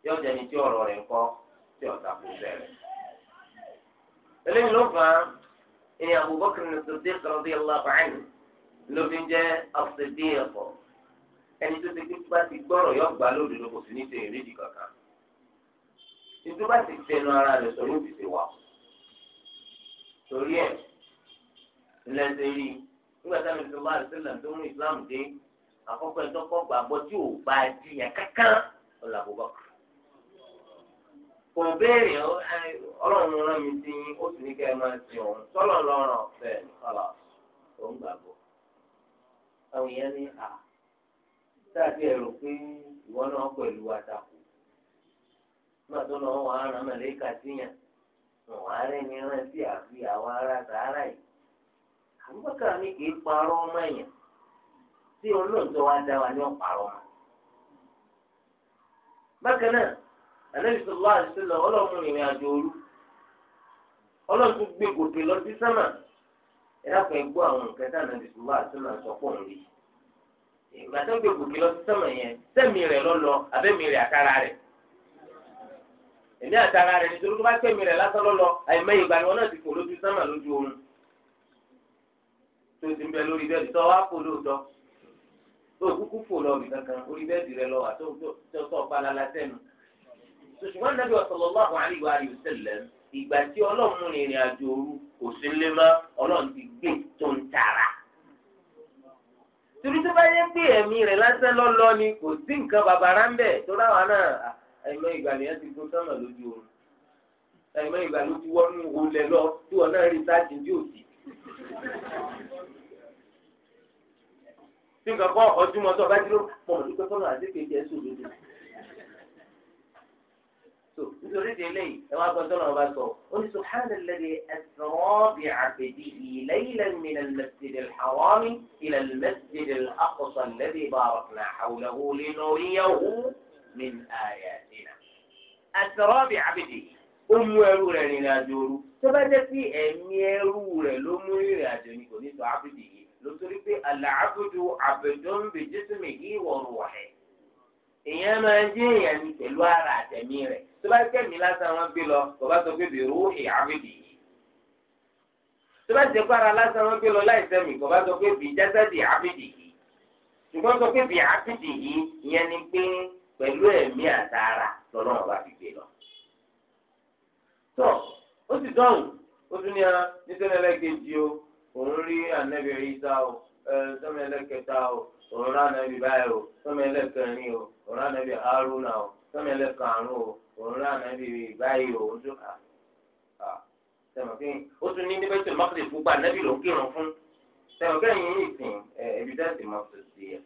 yóò jẹ́ ní tí ọ̀rọ̀ rẹ̀ kọ́ tí ọ̀tà kò bẹ̀rẹ̀. eléyìí ló fà á ìní Abubakar As-Siddiq radiyallahu anhu ló fi ń jẹ́ As-Siddiq ẹ̀kọ́ ẹni tó ìdúbà ti fẹnu ara rẹ̀ sọ ló fi ṣe wà kù. torí ẹ̀ lẹ́sẹ̀ rí nígbà tí àmì ìṣòwò tó Islam dé àkọ́kọ́ ẹ̀ gbàgbọ́ tí ò bá jiyàn kankan ọ̀là kò béèrè ọlọ́run rán mi sí ó sì ní kẹ́ ẹ máa ń àwọn èèyàn ní à sáàtì pé ìwọ náà àtàkù nígbà tó wọn á rẹni rántí àfi àwọn ará sàárà yìí àbúkàrà mi kì í parọ́ ọmọ èèyàn tí olóòótọ́ wa dá wa ní ọ̀parọ́ ọmọ. bákan náà ànábì sọlá àdìsílẹ̀ ọlọ́mú àjò òru ọlọ́run tún gbé gòkè lọ sí sánmà àwọn nǹkan tí ànábì sọlá àdìsílẹ̀ sọ pọ̀ ìgbà tó gbé gòkè lọ sí sánmà yẹn sẹ́mi rẹ̀ abẹ́mi rẹ̀ àkàrà èmi àtàrà rẹ̀ nítorí tó bá tẹ̀mí rẹ̀ lásán lọ́lọ́ àìmọ́ ìgbà ni wọn náà ti fò lójú sánmà lójú oorun tó ti ń bẹ lórí bẹ́ẹ̀ tó wá fò lóòótọ́ tó kúkú fò lọ bì kankan orí bẹ́ẹ̀ dì rẹ lọ àti tó tó ọ̀pá lala sẹ́nu. ṣùgbọ́n nàbí sallallahu alaihi wa sallam ìgbà tí ọlọ́run rìnrìn àjò òru kò sí lé mọ́ ọlọ́run ti gbé tó ń tara torí tó bá yẹ pé ẹ̀mí rẹ̀ lásán lọ́lọ́ ni kò sí nǹkan bàbàrà ń tó ráwa náà ẹ̀mọ́ ìgbà nìyẹn ti gbó sọ́nà lójú oorun ẹ̀mọ́ ìgbà ló ti wọ́n nù olè lọ tí wọ́n náà rí sáàjì ní òsì. tí nǹkan kan ọdún mọ́tò ọba dúró pọ̀ nípa sọ́nà àti kéde ẹ̀sùn lójú. so nítorí ti eléyìí ẹ wá gbọ́dọ̀ náà bá sọ ó ní subhana alladhi asra bi abdihi laylan min al-masjid al-haram ila al-masjid min ayatina. àtẹ̀rọ́bì àbìdì ó mú ẹrú rẹ̀ rìnrìn àjò òru tó bá jẹ́ sí ẹ̀mí ẹrú rẹ̀ ló mú rìnrìn àjò ni kò ní sọ àbìdì yìí lótórí pé àlàábùdù àbẹ̀dọ́n bèjẹ́sìmì yìí wọ̀rù wọ̀hẹ́. èèyàn máa ń jẹ́ èèyàn ní pẹ̀lú ara àtẹ̀mí rẹ̀ tó bá tẹ̀mí lásán wọn gbé lọ kò bá sọ pé bèrú ìhàbìdì yìí. tó bá jẹ́ para lásán wọn gbé lọ láì sẹ́mi kò bá sọ pé bìjẹ́sẹ̀dì àbìdì yìí. ṣùgbọ́n sọ pé bìjẹ́sẹ̀dì yìí ìyẹn ni pé pẹ̀lú ẹ̀mí àtàrà lọ́nà ọba fi gbé lọ. tó ó sì dọ́hùn ó tún ní a ní sẹ́mẹ̀lẹ́kejì o òun rí ànábì Ìsá o sẹ́mẹ̀lẹ́kẹta o òun rá ànábì báyìí o sẹ́mẹ̀lẹ́kẹrin o òun rá ànábì Haruna o sẹ́mẹ̀lẹ́karùn o òun rá ànábì báyìí o òun tún kà á sẹ́mọ̀kẹ́yìn ó tún ní níbẹ̀ tó mọ́kìlì fún pa ànábì ló ń kírun fún sẹ́mọ̀kẹ́yìn yìí sìn ẹ̀ẹ́dídẹ́sì mọ́tò sí ẹ̀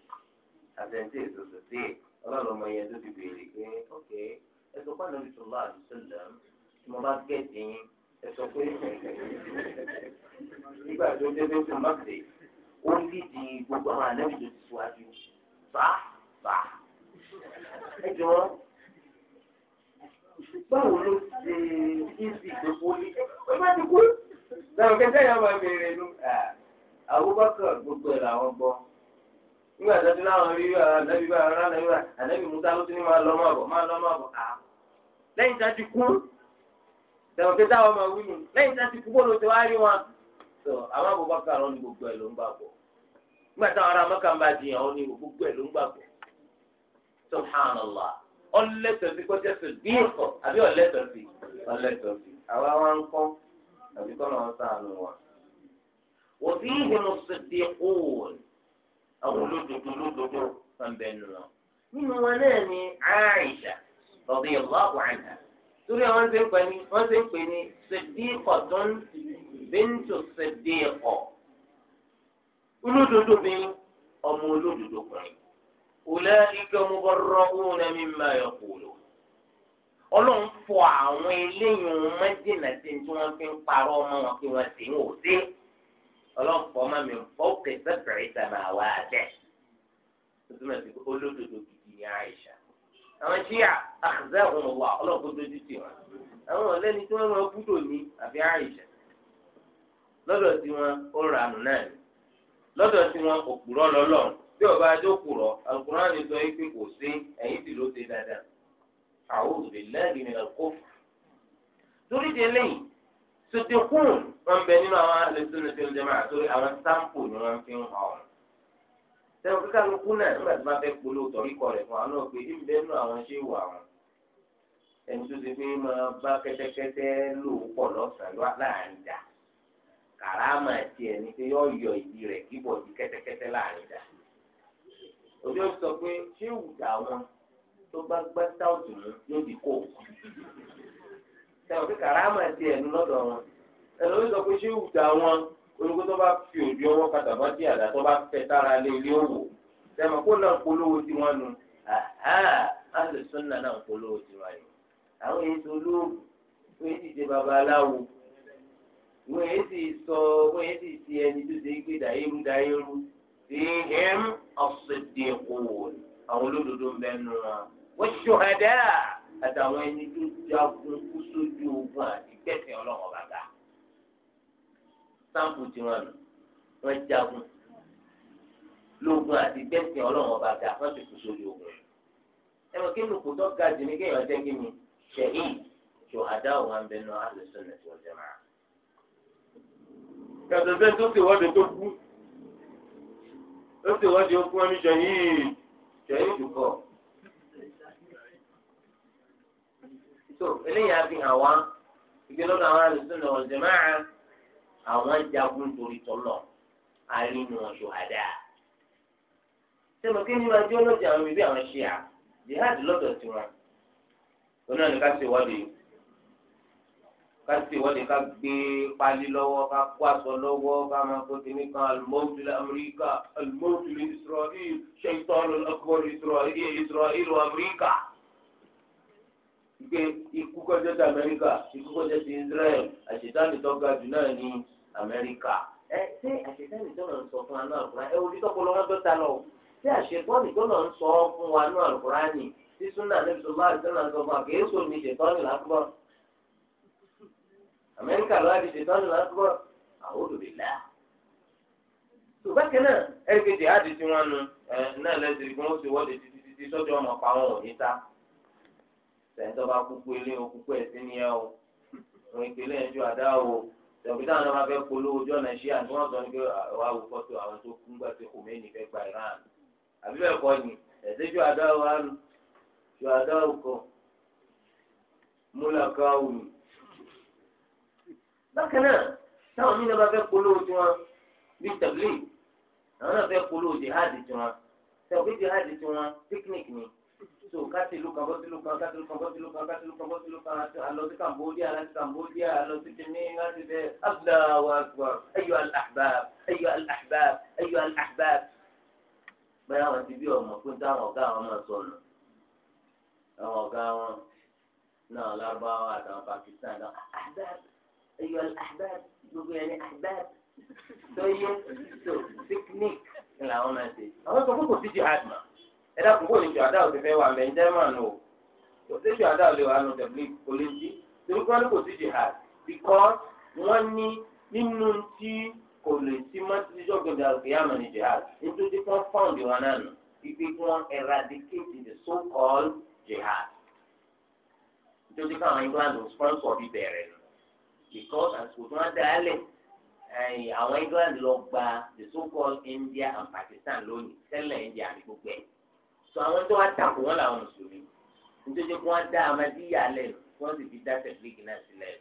àtẹ̀ǹtì ọlọ́run ọmọ yẹn tó ti béèrè pé ok ẹ sọ pé ànábì sallallahu alaihi wasallam tí mo bá gẹ̀ẹ́dì yín ẹ sọ pé nígbà tó dé tó tún bá pè ó ń dídì gbogbo àwọn ànábì tó ti síwájú bá bá ẹ jọ báwo ló ṣe ìsì gbogbo ní ẹ má ti kú. Sọ̀rọ̀ kẹsẹ́ yẹn máa béèrè nu. Àbúbọ̀kọ̀ gbogbo ẹ̀ làwọn gbọ́ nígbà tó ti láwọn rí ànábì bá ara ànábì bá ànábì musa ló ti ní máa lọ máa bọ̀ máa lọ máa bọ̀ à lẹ́yìn tá a ti kú tẹ̀wọ̀n pé táwọn máa wí nù lẹ́yìn tá a ti kú bó ló ti wá rí wọn. sọ àwọn Abubakar ló ní gbogbo ẹ̀ ló ń gbàgbọ́ nígbà táwọn ará mọ́kà ń bá jiyàn ó ní gbogbo ẹ̀ ló ń gbàgbọ́ subhanallah ọlẹ́tọ̀ kọ́ àwọn olódodo olódodo kan bẹ nù wọn. nínú wọn náà ni Aisha radiyallahu anha torí àwọn ṣe ń pè ní wọ́n ṣe ń pè ní siddiqatun bintu siddiq olódodo bẹ́ẹ̀ ọmọ olódodo kan ulaika mubarra'una mimma yaqulu ọlọ́run fọ àwọn eléyìí wọn mẹ́jìnà sí ní tí wọ́n fi ń parọ́ ọmọ wọn kí wọ́n sì ń wò sí ọlọ́pàá ọmọ mi fọ́ọ̀kẹ́ sẹ́fẹ̀rẹ́ ìtàmà wà á dẹ̀ tó túmọ̀ sí pé olódodo gidi ni àìsà àwọn ṣíà àkàzẹ́ ọ̀hún wà ọlọ́pàá dojú tì wọn àwọn ọ̀lẹ́ni tí wọ́n máa búdò ní àbí àìsà lọ́dọ̀ tí wọn ó ranù náà ni lọ́dọ̀ tí wọn òpùrọ̀ lọ́lọ́ bí ọba adé òpùrọ̀ alukóran ni sọ pé kò sí ẹ̀yìn tì ló ṣe dáadáa àwọn òbí lẹ́ẹ̀dì ni àkófò torí de lẹ́yìn sotekun wọn bẹ nínú àwọn alẹsọlẹ tó ń jẹ máa torí àwọn sampo ni wọn fi ń hàn ọ sẹwọn kíkà ló kú náà nígbà tí wọn fẹẹ polo tọrí kọ rẹ fún àwọn náà pé ń bẹ nínú àwọn ṣé wà wọn ẹni tó ti pé máa bá kẹtẹkẹtẹ lò ó pọ lọsànán láàrin ìjà kàràmà tiẹ ni pé yọ yọ ìdí rẹ kíbọ di kẹtẹkẹtẹ láàrin ìjà òjò sọ pé ṣé ìjà wọn tó bá gbá sáùtù mú yóò di kó sẹ́wọ̀n pé kàrámà ti ẹ̀nu lọ́dọ̀ wọn ẹ̀nu ló sọ pé ṣé ìwùdà wọn olùkó tó bá fi òdi ọwọ́ padà bá dé àdá tó bá fẹ́ tára lé ilé òwò sẹ́wọ̀n kó náà polówó ti wọn nu àlè sọ́nà náà polówó ti wọn yìí àwọn èyí tó lóògùn wọ́n èyí ti ṣe babaláwo wọ́n èyí ti sọ wọ́n èyí ti ṣe ẹni tó ṣe gbé dàírú dàírú sí ọ̀sẹ̀ dẹ̀kọ̀ àwọn olódodo ń bẹ́ẹ̀ nù wọn wọ́n ṣòhàdá àtàwọn ẹni tó jagun kú sójú ogun àti gbẹ̀sìn ọlọ́wọ́n bàbá sáǹpù tiwọn nù wọ́n jagun lógun àti gbẹ̀sìn ọlọ́wọ́n bàbá wọ́n ti kú sójú ogun ẹ̀wọ̀n kí lóko tó ga jù ní kéèyàn jẹ́ kí ni ṣẹ̀yìn tó àdá òun abẹnú àlùsùn nà tó jẹ́ máa. kàtàkùn tó ti wọ́dọ̀ tó kú ó ti wọ́dọ̀ ó kú wọn ní ṣẹ̀yìn ṣẹ̀yìn dùkọ̀. tó eléyìí àfihàn wa ìgbé lọ́dọ̀ àwọn àlùsùn náà ọ̀sẹ̀ máa àwọn jagun torí tọ́lọ̀ àrínú ṣùhàdà. sẹ́nu kí ni máa jẹ́ ọlọ́jà àwọn ibi àwọn ṣíà jihad lọ́dọ̀ tiwọn. oní ọ̀nà ká ṣe ìwọ́de ká ṣe ìwọ́de ká gbé pálí lọ́wọ́ ká kó aṣọ lọ́wọ́ ká máa kó kíní kan alimọ́tìlẹ̀ amẹ́ríkà alimọ́tìlẹ̀ israẹli ṣẹ́ńtọ́ọ̀lù akọ́rọ̀ israẹli israẹli amẹ́ríkà. ike ikú kọjá ti amẹ́ríkà ikú kọjá ti israel àṣetánì tó ga jù náà ní amẹ́ríkà. ẹ ṣé àṣetánì tó náà ń sọ fún ẹ orí tó ta lọ ṣé àṣetánì tó náà ń sọ fún wa ni tí súnà ní bísọ̀ máa ṣe náà sọ fún wa kì í sọ ní ṣetánì lásìkò. ló wá di tẹ̀sán bá kúkú ilé o kúkú ẹ̀sìn ni ẹ o òun ìpínlẹ̀ ẹ̀jọ́ àdá o tẹ̀wé táwọn náà bá fẹ́ polówó ojú ọ̀nà ṣíà ni wọ́n sọ ní pé wàá wò fọ́tò àwọn tó kú gbà tí Khomeini fẹ́ gba Iran àbí bẹ́ẹ̀ kọ́ ni ẹ̀sìn ju àdá o alu ju àdá o kọ múlá ká o nù. bákan náà táwọn mí náà bá fẹ́ polówó tiwọn bíi tẹ̀blé àwọn náà fẹ́ polówó jihadi tiwọn tẹ̀wé jihadi tiwọn píkíníkì ni. So Katilu, Kabotilu, Katilu, Kabotilu, Katilu, Kabotilu, الله في كمبوديا الله في كمبوديا الله في تنين الله في الله أكبر أيها الأحباب أيها الأحباب أيها الأحباب bẹ́ẹ̀ àwọn ti bí ọmọ pé táwọn ọ̀gá àwọn máa sọnù àwọn ọ̀gá wọn náà lárúbáwá àtàwọn Pakistan náà ahbab ayọ̀ ahbab gbogbo ẹni ahbab tó yẹ tó picnic làwọn máa ṣe àwọn sọ fún kò sí jihad mọ́. ẹ dákun kó ní jọ̀ọ́dá òsè fẹ́ wà mẹ́ ǹjẹ́ mà nù o kò sí jọ̀ọ́dá òlè wà nù tẹ̀lé polisi torí wọn kò sí jihad because wọ́n ní nínú tí kò lè sí mọ́tíjọ́ gbẹ̀dẹ̀ àgbéyàmọ̀ ní jihad nítorí wọ́n fọ́ǹdì wọn náà nù ibi tí wọ́n eradicate the so called jihad nítorí káwọn England ò sponsor bí bẹ̀rẹ̀ nù because àsìkò tí wọ́n dá a lẹ̀ àwọn England lọ gba the so called India and Pakistan lónìí tẹ́lẹ̀ India àti gbogbo ẹ̀ sọ àwọn tó wá tako wọn làwọn mùsùlùmí nítorí pé wọn dá amadíyà lẹ wọn sì fi dá tẹfílíkì náà sílẹ̀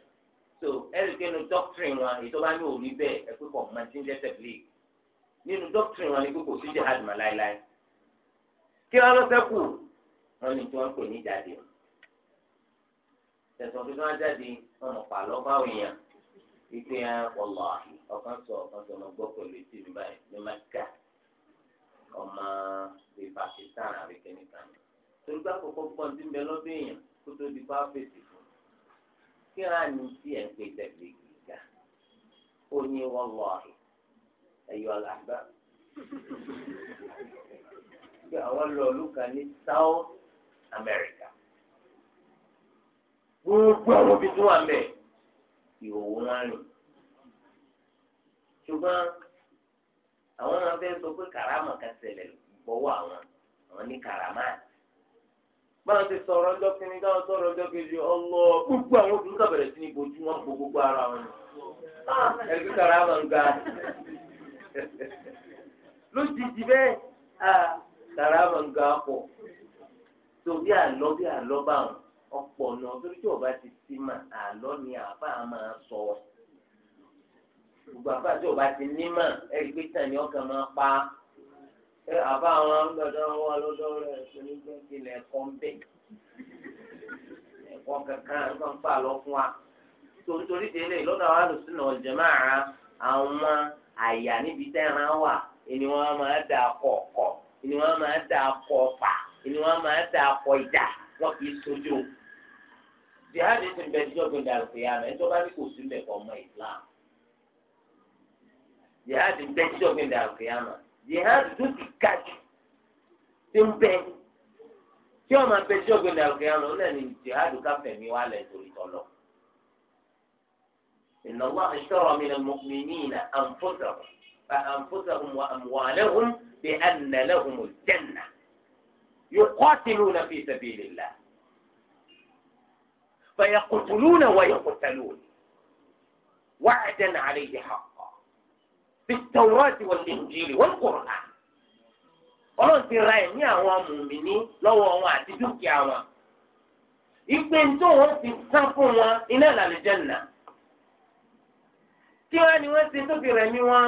so ẹrìkẹnu doctrine wọn èyí tó bá ní òní bẹ́ẹ̀ ẹ pé kọ máa ti ń jẹ tẹfílíkì nínú doctrine wọn ni pé kò sí jihad mọ́ láéláé kí wọn lọ ṣẹ́kù wọn ni tí wọn pè ní jáde o tẹsán tó tí wọn jáde wọn mọ pa lọ báwọn èèyàn ìpínyà wọlọ ọkàn sọ ọkàn sọ ọmọ gbọ́ pẹ̀lú ìtì mi báyìí ní máa ká ọmọ bíi Pakistan àbí kẹ́míkà ni torí pé àkókò pọ̀ ti ń bẹ lọ́dún èèyàn kó tó di pa fèsì fún kí á ní tí ẹ̀ ń pè tẹ̀lé gíga ó ní wọ́n lọ àrùn ẹ̀yọ́ àlàgbà pé àwọn lọ lùkà ní South America gbogbo àwọn òbí tó wà mẹ́ẹ̀ ìhòòhò wọn rìn ṣùgbọ́n àwọn máa fẹ́ sọ pé karama kan ṣẹlẹ̀ gbọ́wọ́ àwọn àwọn ní karama máa ti sọ̀rọ̀ ọjọ́ kìíní káwọn sọ̀rọ̀ ọjọ́ kejì ọlọ́ gbogbo àwọn obìnrin kàbẹ̀rẹ̀ sí ní bojú wọn gbogbo gbogbo ara wọn ẹgbẹ́ karama ń ga lójijì bẹ́ẹ̀ karama ń ga pọ̀ tó àlọ́ bí àlọ́ bá wọn ọ̀pọ̀ náà torí tí ọba ti sí mà àlọ́ ni àbá máa sọ ọ́ gbogbo àfa tí o bá ti ní mà ẹ̀rí pé tàn ní ọkàn máa pa ẹ àbá àwọn gbọ́dọ̀ wà lọ́dọ̀ rẹ̀ sóní gbẹngìlẹ ẹ̀kọ́ ń bẹ ẹ̀kọ́ kankan ló ń fà lọ fún wa torítorí délé lọ́dọ̀ àwọn àlùsùn náà jẹmáàrà àwọn àyà níbi tẹran wà ni wọn máa dà kọ ọkọ ni wọn máa dà kọ ọfà ni wọn máa dà kọ ìdá wọn kì í sojú jihadi ti bẹ jíjọ gbẹdàgbé àná ẹjọba ní kò sí mẹkọ ọmọ ìsìlámù. jihadi ń bẹ tí ọ̀gbìn dàrú kìyàmà jihad tó ti ká jù ti ń bẹ tí ọmọ abẹ tí ọ̀gbìn dàrú kìyàmà ó náà ní jihadi káfẹ̀mí o jihadi wa lẹ̀ torí tọ́lọ̀. إن الله اشترى من المؤمنين أنفسهم فأنفسهم وأموالهم بأن لهم الجنة يقاتلون في سبيل الله فيقتلون ويقتلون وعدا عليه حق بالتوراة والإنجيل والقرآن ọlọ́run ti ra ẹ̀mí àwọn mùmíní lọwọ wọn àti dúkìá wọn ìpè tó wọn ti sá fún wọn iná kí wọn ni wọn ti tó fi rẹ̀mí wọn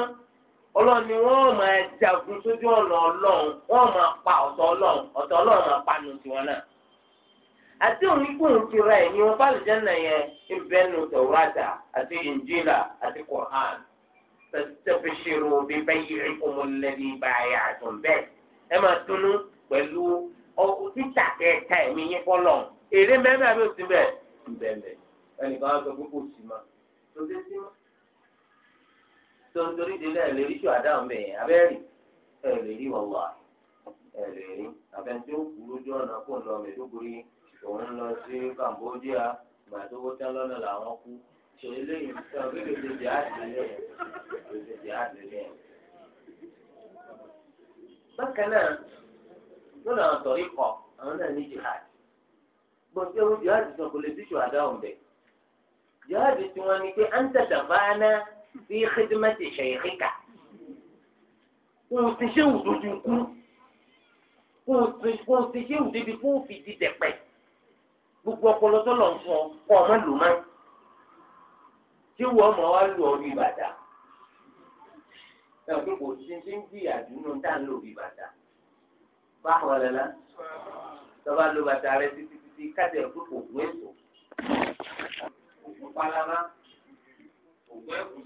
ọlọ́run ni wọn máa jagun sójú ọ̀nà ọlọ́run wọn máa pa ọ̀tọ̀ ọ̀tọ̀ máa pa nù tiwọn náà àti òun òun tẹ̀síṣẹ́rù bí bẹ́yì ìkùnmù lẹ́bi báyà àtùn bẹ́ẹ̀ ẹ máa dunnú pẹ̀lú títà kẹta ẹ̀mí yín kọ́lọ̀ èrè mẹ́rin àbí òsì bẹ́ẹ̀ bẹ́ẹ̀ ẹnìkan á sọ pé kò sí ma tó dé sí ma tó ń torí délé ẹ̀ lè rí ṣùgbọ́n àdáhùn bẹ́ẹ̀ abẹ́rì ẹ̀ lè rí wàhùwà ẹ̀ lè rí àfẹnusẹ́ òkú lójú ọ̀nà kó ń lọ mẹ́dógórí òun lọ sí Cambodia gbàdúgbò tán lọ́nà làwọn kú sọ eléyìí sọ bí lè ṣe jihadi lélẹ̀ lè ṣe jihadi lélẹ̀. bákan náà lọ́dọ̀ àwọn sọ̀rí kọ̀ àwọn náà ní jihadi gbọ́n tí ó jihadi sọ kò lè bí ṣùgbọ́n àdáhùn bẹ̀. jihadi tí wọ́n ní pé à ń tẹ̀sà fáná sí xidimẹ́tì ṣèyíkà. òun ti ṣéwù dojú kú kó fi di dẹ̀pẹ̀ gbogbo ọpọlọ tó lọ fún ọ kó lò máa tí wọ́n mọ̀ wá lù ọ́ bí bàtà ẹ̀ pé kò sí ti ń jìyà dùnú tá ń lò bí bàtà báwọn lẹ́la tọ́ba lo bàtà rẹ títí títí kájà ẹ̀ pé kò gbé èso palama ògbó ẹ̀kú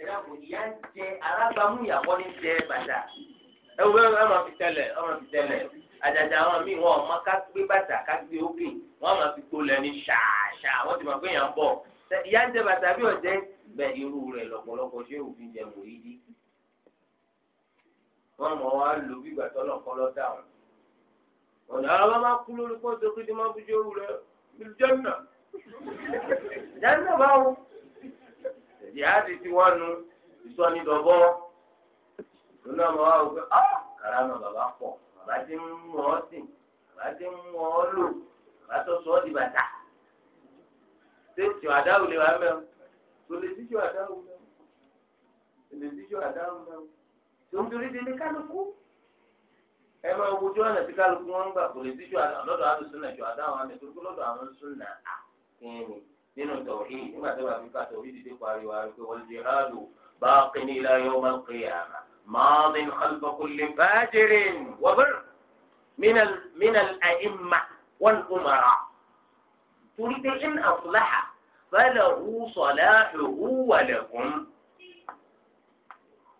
ẹ̀dá kò ìyá ń jẹ alábàámú ìyàwó ní jẹ bàtà ẹ̀wù bẹ́ẹ̀ ọmọ fi tẹ́lẹ̀ ọmọ fi tẹ́lẹ̀ àjàjà àwọn míì wọn ọmọ ká gbé bàtà ká gbé òkè wọn ọmọ fi gbólẹ̀ ní ṣàṣà wọ́n ti mọ̀ pé èèyàn ń ìyá ń jẹ bàtà bí ọ̀jẹ́ bẹ irú rẹ̀ lọ́pọ̀lọpọ̀ ṣé òfin jẹ wò yí dí. wọ́n mọ̀ wá lò bí ìgbà tọ́lọ̀ kọ́ lọ́ dà wọ́n. ọ̀nà àwọn máa kú lórí kó tó kí ni máa bu jẹ́wù rẹ̀ jẹ́nà. jẹ́nà báwo. ìyá ti ti wọ́n nu ìsọ̀nidọ̀bọ̀. lónà mọ̀ wá wọ́n pé ah, karama bàbá pọ̀ bàbá ti ń mọ̀ ọ́ sìn bàbá ti ń mọ̀ ọ́ lò bàbá tó sọ ọ́ di bàtà ṣé tì ọ àdáwò lè wà mẹ́wọ́ kò lè tíjú àdáwò mẹ́wọ́ kò lè tíjú àdáwò mẹ́wọ́ tó ń torí délé kálukú ẹ máa wojú ọ̀nà tí kálukú wọn ń gbà kò lè tíjú àdáwò lọ́dọ̀ àwọn sùn àmì tó kú àwọn sùn náà nínú tọ̀hí nígbà tó bá fi ká tọ̀hí dìde parí wa pé wọ́n ti rà lò bá kíní ilá yọ máa pè é ماضٍ خلف كل فاجر وبر من ال... من الأئمة والأمراء torí pé in aslaha falahu salahuhu wa lahum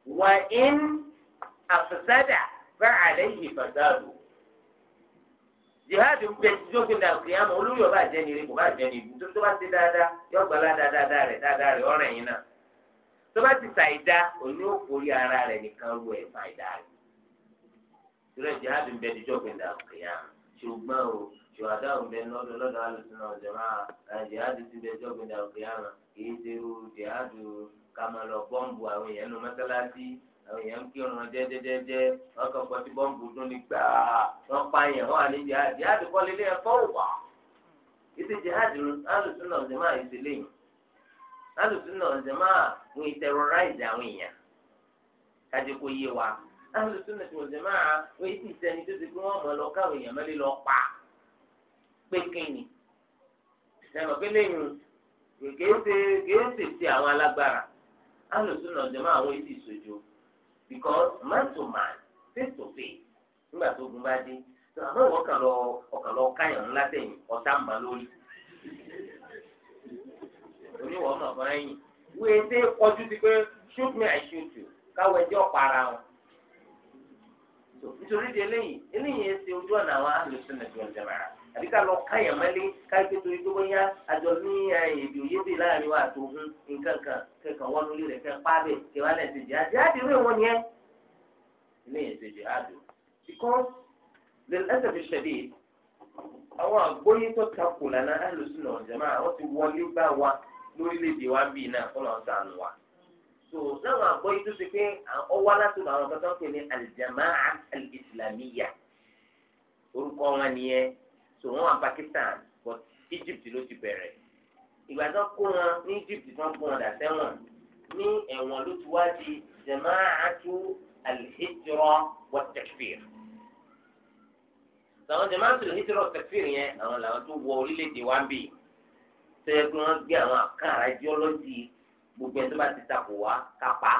wa in afsada fa'alayhi fasaduhu jihad bẹ jókè ní àkìyàmọ olórí ọba àjẹnire kò bá àjẹnibu tó tó bá ti dáadáa yọ gbala dáadáa rẹ dáadáa rẹ ọ̀rẹ́ yìí náà tó bá ti ṣàìdá òní òkórí ara rẹ nìkan ru ẹ ṣàìdá rẹ ìrẹ bẹ jókè ní àkìyàmọ ṣùgbọ́n o ìwà dáhùn bẹ lọ́dọ̀ lọ́dọ̀ alùsùn ọ̀jọ̀mọ́ àjẹ́hádì ti bẹ jọ́gbìn dàrú kìyàmà kìí ṣe irú jẹ́hádù kàmọ́lọ bọ́ǹbù àwọn èèyàn nu mọ́sálásí àwọn èèyàn ń kírun jẹ́jẹ́jẹ́jẹ́ ní pa yẹn àní wà alùsùn alùsùn àwọn èèyàn kó yé wa alùsùn ti èèyàn pé kéènì pé lẹ́yìn gègéńsè gègéńsè ti àwọn alágbára alùsùn náà jẹ́mọ́ àwọn èsì ìṣojú because man to man face to face nígbà tó gun bá dé àmọ́ ìwọ kàn lọ ọkàn lọ káyọ̀ ńlá sẹ́yìn ọ̀tá ń lórí oníwọ̀ ẹ̀yìn me I shoot you káwọ ẹjẹ́ ọ̀pá ara wọn nítorí di eléyìí eléyìí ẹ ṣe ojú ọ̀nà àwọn náà jọ̀ọ́ àbí ká lọ káyàn mẹ́lẹ́ káyọ̀ tó yẹ kó yá àjọ ní eh, èdè òyìnbí láàrin wa àtòhun nǹkan kan kẹkàn wọn lórí rẹ̀ kẹ pa bẹ́ẹ̀ kẹ wá lẹ́sẹ̀ jẹ́ àti àti ìwé wọn yẹn ilé yẹn ṣe jẹ́ àdó. because the lesson fi ṣẹ̀dí àwọn àgbóyè tó takò lànà àlùsùn náà jẹ̀mọ́ àwọn ti wọlé bá wa lórílẹ̀‐èdè wa bíi náà kó lọ́n sànù wa so láwọn àgbọ̀ yìí tó ti pé ọwọ́ láti lọ àwọn kan tó ń pè ní so wọ́n wà Pakistan but Egypt ló ti bẹ̀rẹ̀ ìgbà tó kó wọn ní Egypt tó ń kó wọn dà sẹ́wọ̀n ní ẹ̀wọ̀n ló ti wá di jamaatu alhijra wa takfir àwọn jamaatu alhijra wa takfir yẹn àwọn làwọn tó wọ orílẹ̀-èdè wa ń bì sẹ́yìn pé wọ́n gbé àwọn àkàrà ideology gbogbo ẹ̀ tó bá ti takò wá kápá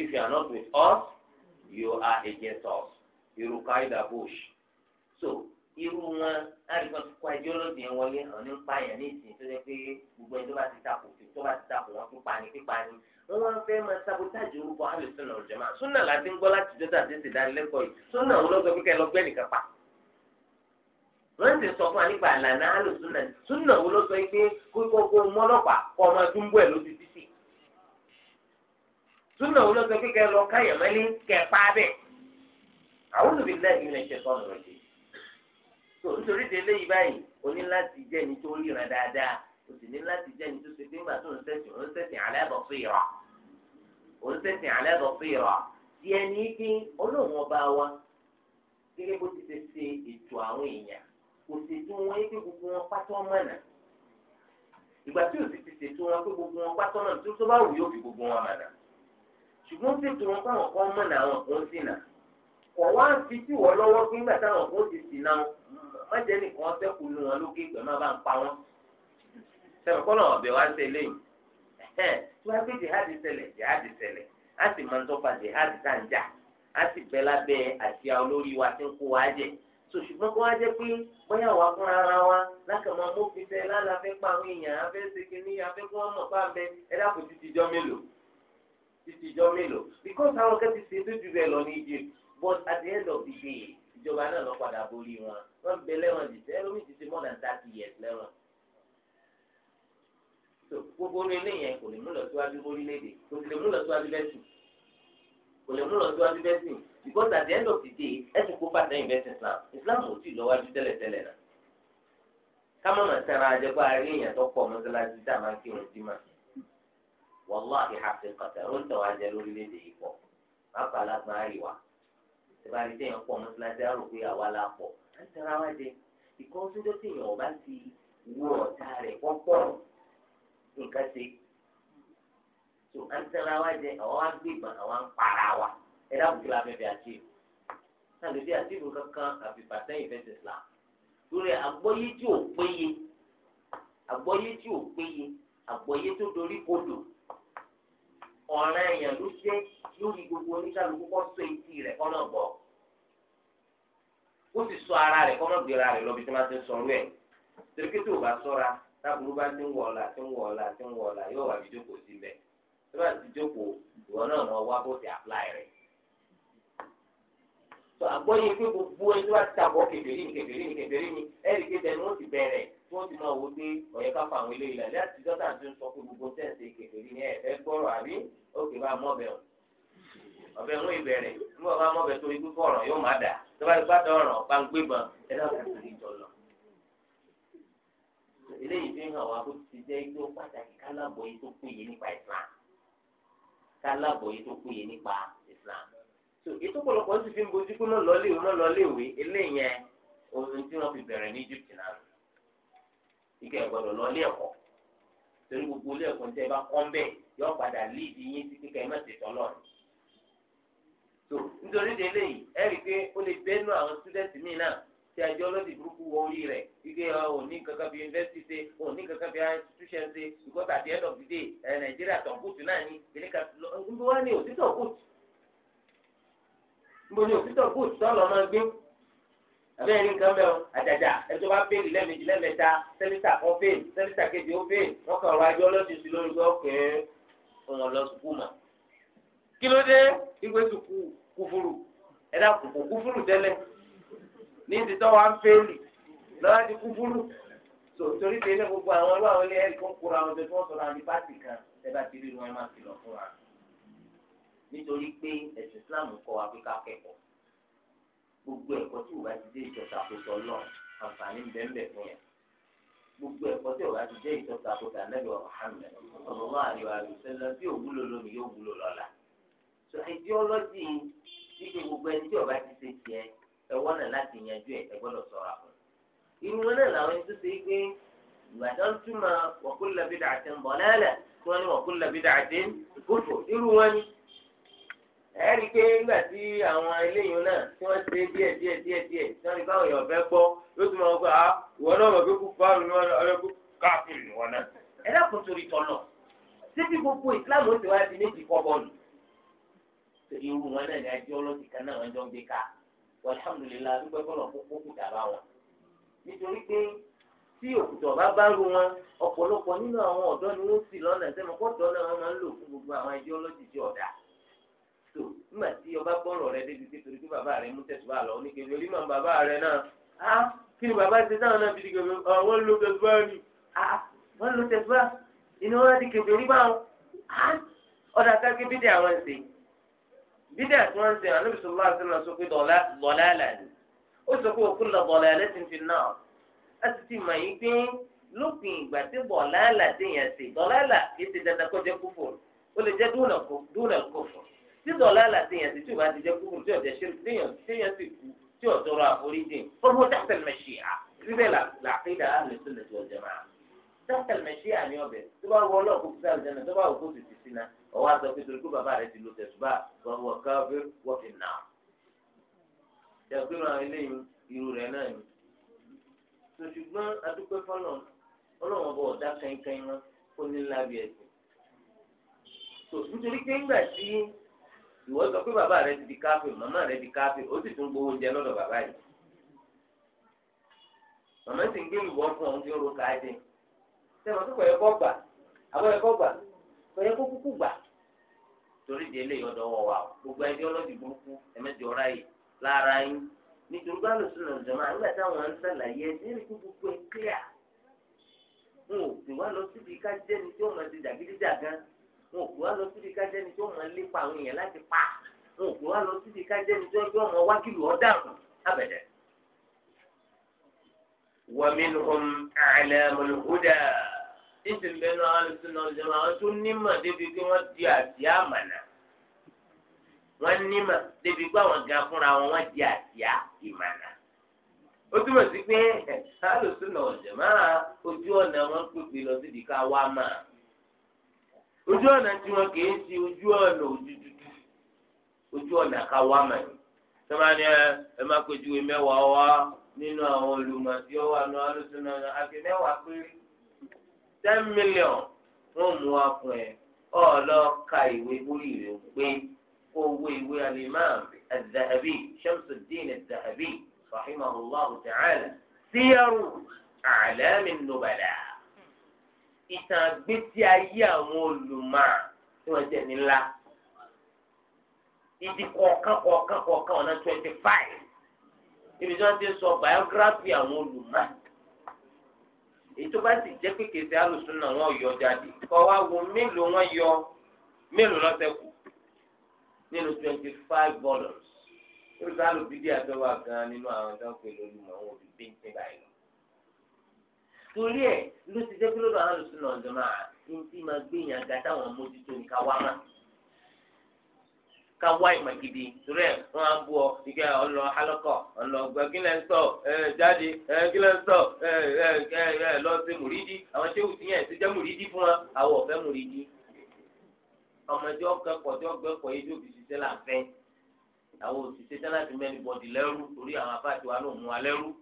if you are not with us you are against us irú qaida bush so irú wọn láríkọ́ ti kó ideology yẹn wọlé hàn ní pààyàn ní ìsìn tó jẹ́ pé gbogbo ẹni tó bá ti takò tó bá ti takò wọn pípa ni pípa ni wọn wá ń fẹ́ máa sabotage orúkọ ahlu sunnah wal jamaa súnà láti ń gbọ́ láti jọ́tà àti ìsìdánilẹ́kọ̀ọ́ yìí súnà wọn lọ́sọ̀ kíkẹ́ lọ gbẹ́ nìkan pa wọ́n ti sọ fún wa nípa àlànà ahlu sunnah súnà wọn lọ́sọ̀ pé kókó kó mọ́lọ́pàá kọ́ ọmọ dúnbọ̀ ẹ̀ lójú títì súnà wọn lọ́sọ̀ kíkẹ́ lọ káyàmẹ́lí kẹ́ pa bẹ́ẹ̀ àwọn olùbí tó nítorí ti eléyìí báyìí o ní láti jẹ́ ẹni tó ríran dáadáa o sì ní láti jẹ́ ẹni tó ṣe pé nígbà tó ń sẹ́sìn òun sẹ́sìn alẹ́ bọ̀ fún ìrọ̀ òun sẹ́sìn alẹ́ bọ̀ fún ìrọ̀ ti ẹni pé ọlọ́run ọba wa gẹ́gẹ́ bó ti ṣe ṣe ètò àwọn èèyàn kò ṣètò wọn pé gbogbo wọn pátá mọ̀nà ìgbà tí o sì ti ṣètò wọn pé gbogbo wọn pátá mọ̀nà tó tó bá wù yóò fi gbogbo wọn mọ̀nà ṣùgbọ́n ṣètò wọn káwọn kan mọ̀nà àwọn kan sì kọ̀ wá fi sí wọ́n lọ́wọ́ pé nígbà táwọn kan ti sì náà wọ́n jẹ́ nìkan sẹ́kù nu wọn lókè ìgbẹ́ máa bá ń pa wọn. sẹ́mi kọ́ náà ọ̀bẹ wa ń tẹ̀lé yìí tí wọ́n á gbé jihadi ṣẹlẹ̀ jihadi ṣẹlẹ̀ á sì máa ń tọ́pa jihadi tá à ń jà á sì bẹ́ lábẹ́ àsíá olórí wa tí ń kó wa jẹ so ṣùgbọ́n kó wá jẹ́ pé bóyá wà fún ara wa lákàmọ́ mọ́fin fẹ́ lálá fẹ́ pa àwọn èèyàn afẹ́ ṣèké afẹ́ kí wọ́n mọ̀ fún abẹ ẹ dákò títí jọ mélòó títí jọ mélòó because àwọn kẹ́tì ṣe tó ju bẹ́ẹ̀ lọ but at the end of the day ìjọba náà lọ padà borí wọn wọ́n bẹ lẹ́wọ̀n jìtẹ ẹlòmí ti ṣe more than thirty years lẹ́wọ̀n tó gbogbo orí eléyẹn kò lè mú lọ síwájú lórílẹ̀èdè kò lè mú lọ síwájú lẹsùn kò lè mú lọ síwájú lẹsùn because at the end of the day ẹsùn kó pàtẹ invest in Islam Islam ò tí ì lọ wájú tẹ́lẹ̀tẹ́lẹ̀ náà kámá mà tẹ̀ra àjẹpọ̀ àárín èèyàn tó pọ̀ mọ́sálásí tá a máa ń kírun sí máa wàláhì hàfi kàtà ó ń tàn wá jẹ lórílẹ̀èdè yìí pọ̀ má pa alágbára ìwà ìbá rí téèyàn pọ̀ mọ́sálásí á rò pé àwa la pọ̀ á ń tẹ̀ra wá jẹ ìkọ́ sójọ́ téèyàn ọba ti wú ọ̀tá rẹ̀ pọ́pọ́ nǹkan ṣe tó á ń tẹ̀ra wá jẹ àwọn á gbé ìbọn àwọn á ń para wa ẹ dáhùn kí la fẹ́ fi àṣìlò náà lè fi àṣìlò kankan àfi pàtẹ́yìn fẹ́ tẹ̀sílà lórí àgbọ́yé tí ò péye àgbọ́yé tí ò péye àgbọ́yé tó dorí kodò ọ̀ràn èèyàn ló jẹ́ lórí gbogbo oníkàlùkù kọ́ sọ etí rẹ̀ kọ́ náà bọ̀ ó sì sọ ara rẹ̀ kọ́ náà gbéra rẹ̀ lọ́bi tí wọ́n ti ń sọ rẹ̀ torí o bá sọ́ra táàbùrú bá ti ń wọ̀ ọ̀la ti ń wọ̀ ọ̀la ti ń wọ̀ ọ̀la yóò wà ìjókòó sí bẹ̀ tó bá ti jókòó ìwọ náà lọ wá bó ti apply rẹ̀ tó àgbọ́yé pé gbogbo ẹni tó bá ti tàbọ̀ kèfèrí ni kèfèrí wọ́n ti wọ́n ti máa wo pé ọ̀yẹ́ ká fa àwọn ilé ìlàlẹ́ àti dọ́tà tó ń sọ pé gbogbo tẹ̀sí kékeré ní ẹ̀ ẹ gbọ́rọ̀ àbí òkè bá mọ́bẹ̀ ọ̀ ìbẹ̀rẹ̀ nígbà bá tó fọ̀rọ̀ yóò má dà tó bá bá ń gbébọn náà kò eléyìí fi hàn wá bó ti jẹ́ igbó pàtàkì yìí tó nípa yìí tó ike ẹ̀gbọ́dọ̀ lọ ilé ẹ̀kọ́ torí gbogbo ilé ẹ̀kọ́ tẹ́ ẹ bá kọ́ mbẹ́ yọ padà líìdì yín sí kíkẹ́ ẹ má ti tọ́ lọ́rùn. tó nítorí délé yìí ẹ rí i pé ó lè bẹ́nu àwọn sídẹ́ǹtì míì náà tí ẹjọ́ lọ́dì burúkú wọ orí rẹ̀ ike ò ní kankan bí yunifásitì ṣe ò ní kankan bí institution ṣe because at the end of the day ẹ nàìjíríà tàn kùtù náà ní ilé ka níbo wá ní òtítọ́ kùtù níbo ní òtítọ́ kùtù tọ́ lọ́ máa gbé àbẹ́ ẹ̀rí nǹkan bẹ́ẹ̀ o àjàjà ẹjọ́ bá fèèlì lẹ́ẹ̀mejì lẹ́ẹ̀mẹ́ta sẹ́mítà kan fèèlì sẹ́mítà kejì ó fèèlì wọ́n kàn ọ̀rọ̀ ajé ọlọ́dún sí lórí ọ̀kẹ́ ọ̀hún lọ sùkú mà. kí ló dé ìwé sùkú kúfúrú ẹ̀dá kùkù kúfúrú tẹ́lẹ̀ ní ti tọ́ wa ń fèèlì lọ́wọ́ ti kúfúrú torí pé ní gbogbo àwọn ọlọ́wọ́ ilé ẹ̀rí kó kóra àwọn ọdún tó ń sọ̀rọ̀ àbí pàtì kan ẹ bá ti rí wọn máa kìlọ̀ fún wa nítorí pé ẹ̀sìn Islam kọ́ wa pé ká kẹ́kọ̀ọ́ gbogbo ẹ̀kọ́ tí òwá ti dé ìjọta àkóso lọ àǹfààní bẹ́ẹ̀ fún yẹn gbogbo ẹ̀kọ́ tí òwá ti dé ìjọta àkóso anábì wa Muhammad ọ̀bọ̀n àríwá àlùsẹ́lẹ̀ bí òwúlò lónìí yóò wúlò lọ́la so ideology wípé gbogbo ẹni tí ọba ti ṣe tiẹ̀ ẹwọ́ náà láti yanjú ẹ̀ ẹ gbọ́dọ̀ sọ̀rọ̀ àpò irú wọn náà làwọn ẹni tó ṣe pé ìgbà tó ń túmọ̀ wa kullu bid'atin dalalah tí wọ́n ní wa kullu bid'atin kufr irú wọn ni ẹ̀rí pé nígbà tí àwọn eléyìí náà tí wọ́n ṣe díẹ̀ díẹ̀ díẹ̀ díẹ̀ tí wọ́n èèyàn fẹ́ gbọ́ yóò tún máa gbọ́ à ah, náà kú fáwọn ní kú káàkiri gbogbo ìsìláàmù ó ti wá di méjì kọ́ bọ́ọ̀lù. irú wọn náà ní ajé ọlọ́sìn kan náà jọ ń gbé ká tó nígbà tí ọba gbọ́rọ̀ rẹ débi tí torí pé bàbá rẹ mú tẹ̀sù bá lọ ní kébé orí màmú bàbá rẹ náà á kí ni bàbá ṣe táwọn náà fi di kébé wọ́n lo tẹ̀sù bá ni wọ́n lo tẹ̀sù bá inú wọn di kébé orí báwọn á ọ̀dà káké bídẹ̀ àwọn ṣe bídẹ̀ àti wọn ṣe àná bìsọ̀ bá ṣe lọ sọ pé dọ̀lá làní ó sọ pé òkú lọ dọ̀lá ẹlẹ́sìn fi náà á sì ti mọ̀ yín pé lópin ìgbà tí dọ̀lá là dé yẹn ṣe dọ̀lá là kì í ṣe dandan kọjá kúfò ó lè jẹ́ dúnà kúfò tí dọ̀là láti yàn sí tí o bá ti jẹ́ kúrò tí ọ̀jẹ̀ ṣe tí yàn tí yàn sì kú tí ọ̀ tọrọ àforíjì fọwọ́ dáfẹ́ mẹ́ṣíà síbẹ̀ làkídà àlùsùn lẹ́tọ̀ ọ̀jẹ̀ máa dáfẹ́ mẹ́ṣíà ní ọbẹ̀ tó bá wọ ọlọ́ọ̀kú sí àlùjẹ́nà tó bá òkú sì ti sí náà ọwọ́ àti ọ̀pẹ́ torí kó bàbá rẹ̀ ti lo sòṣùgbọ́n adúpẹ́ fọlọ́n ọlọ́wọ́n bọ̀ ọ̀dá kẹ́ńkẹ́ń kó ní lábẹ́ ẹ̀sìn. nítorí pé ńgbà tí ìwọ sọ pé bàbá rẹ ti di káfí màmá rẹ di káfí ó sì tún gbowó oúnjẹ lọ́dọ̀ bàbá yìí màmá sì ń gbé ìwọ fún ọ̀hún tí ó ro káàdì sẹ́wọ̀n tó kọ̀ yẹ kọ́ gbà àbọ̀ yẹ kọ́ gbà yẹ kó gbà torí di eléyìí ọ̀dọ̀ wọ̀ gbogbo ẹni burúkú ọ̀rá wọn ò kú wá lọ síbi kájẹ́ni tó mọ̀ lépa àwọn èèyàn láti pa wọn ò kú wá lọ síbi kájẹ́ni tó ẹgbẹ́ ọmọ wákìlù ọ̀daràn abẹ̀dẹ̀. wàmínhùn àlẹ́mùlùhúdà títí ń bẹnu àwọn alùpùpù náà lọ́jọ́ àwọn tó nímọ̀ débi pé wọ́n di àdìá àmàlà wọ́n nímọ̀ débi pé àwọn ga fúnra wọn wọ́n di àdìá ìmàlà ó túmọ̀ sí pé alùpùpù náà lọ́jọ́ máa ojú ọ̀nà wọn pèpè lọ síbi ká wá máa ojú ọ̀nà tí wọn kì í ti ojú ọ̀nà ojú dúdú ojú ọ̀nà ká wá mà ní. sọ́mání ẹ ẹ má pèjúwe mẹ́wàá wá nínú àwọn olùmọ̀ tí ó wà ní alùsùn náà àti mẹ́wàá péré ten million wọ́n mú wa fún ẹ ọlọ́ka ìwé orí rẹ̀ pé owó ìwé alimam al-Dhahabi Shamsuddin al ta'ala siyaru a'lami nubala ìtàn àgbésí ayé àwọn olùmọ̀ tí wọ́n jẹ́ nílá ìdí kọ̀ọ̀kan kọ̀ọ̀kan kọ̀ọ̀kan ọ̀nà twenty five ibi tí wọ́n ti sọ biography àwọn olùmọ̀ èyí tó bá sì jẹ́ pé kèsì alùsùn náà wọ́n yọ jáde kọ́ wa wo mélòó wọ́n yọ mélòó lọ́sẹ̀kù nínú twenty five volumes ó sálù bídí àtọ́wà gan nínú àwọn tó ń pè lólùmọ̀ àwọn òbí bíńtín báyìí lọ. torí ẹ̀ ló ti jẹ́ na aláàlùsùn náà jọ máa ní tí máa gbé yàn ga mójútó ní ká wá ká wá ìmọ̀ gidi torí ẹ̀ wọ́n á bú ọ ọlọ alọ́kọ̀ ọlọ ọgbẹ́ ń sọ ẹ jáde ẹ ń sọ ẹ ẹ ẹ lọ sí mùrídìí àwọn ti yẹn ti jẹ́ mùrídìí fún wa àwọn ọ̀fẹ́ mùrídìí ọmọdé ọkọ tí ti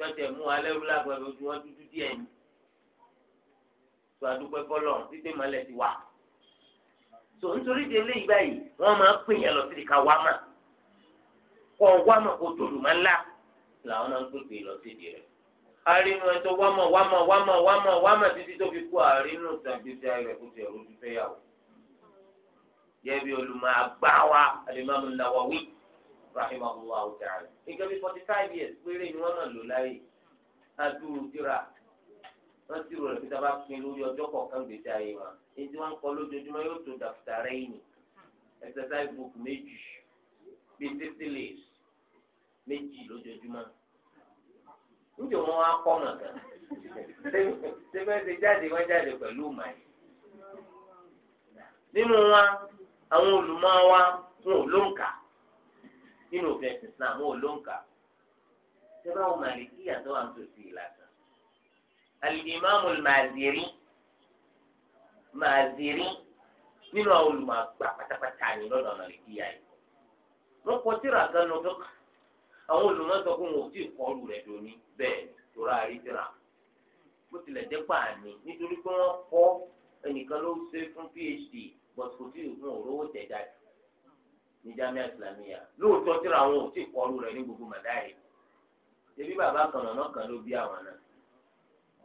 lọ́tẹ̀ mú alẹ́rú lágbàdo ojú wọn dúdú díẹ̀ ni tó adúpẹ́ kọ́lọ̀ títí malẹ̀ ti wà. tó nítorí di eléyìí báyìí wọ́n máa ń pè yẹn lọ sí ìka wá mà kọ́ wá mà kó tòlù máa ń là làwọn máa ń pè pè lọ sí ìdí rẹ̀. arínú ẹ̀tọ́ wámà wámà wámà wámà wámà títí tó fi kú àrínú tàbíjà rẹ̀ kó tiẹ̀ lójú fẹ́yàwó. yẹ́bi olùmọ̀ àgbà wa Al-Imam An-Nawawi rahimahullahu ta'ala nǹkan forty five years péré ni wọ́n náà lò láyé adúrú síra wọ́n sì rò rẹ̀ pé tábà pin lórí ọjọ́ kọ̀ọ̀kan gbèsè ayé wọn èyí tí wọ́n ń kọ lójoojúmọ́ yóò tó dàpútàrẹ́ yìí exercise book méjì bíi sixty leaves méjì lójoojúmọ́ níjọ wọn wá kọ́ ọ̀nà kan sẹ́fẹ́ ṣe jáde wọ́n jáde pẹ̀lú màá nínú wa àwọn olùmọ̀ wa wọn ò lóǹkà nínú òfin ẹ̀sìn Islam ó ló ń kà sẹ́bà wọn màlìkí yàtọ̀ wà ń tòsí ìlàsàn. alìmáàmù màzìrí màzìrí nínú àwọn olùmọ̀gbà pátápátá ni lọ́dọ̀ màlìkí yà yìí. wọ́n kọ tíra kan lọ dọ́kà àwọn olùmọ̀sọ fún wọn ò tí ì kọlù rẹ̀ dòní bẹ́ẹ̀ tóra àrí tíra bó tilẹ̀ jẹ́ pààní nítorí pé wọ́n kọ́ ẹnìkan ló ṣe fún PhD bọ̀t kò tí ì fún òróró tẹ̀ jáde ní jamiu islamiyà lóòótọ́ tíra àwọn ò tí ì kọlu rẹ̀ ní gbogbo màdáyé ṣebí bàbá kan lọ́nà kan ló bí àwọn náà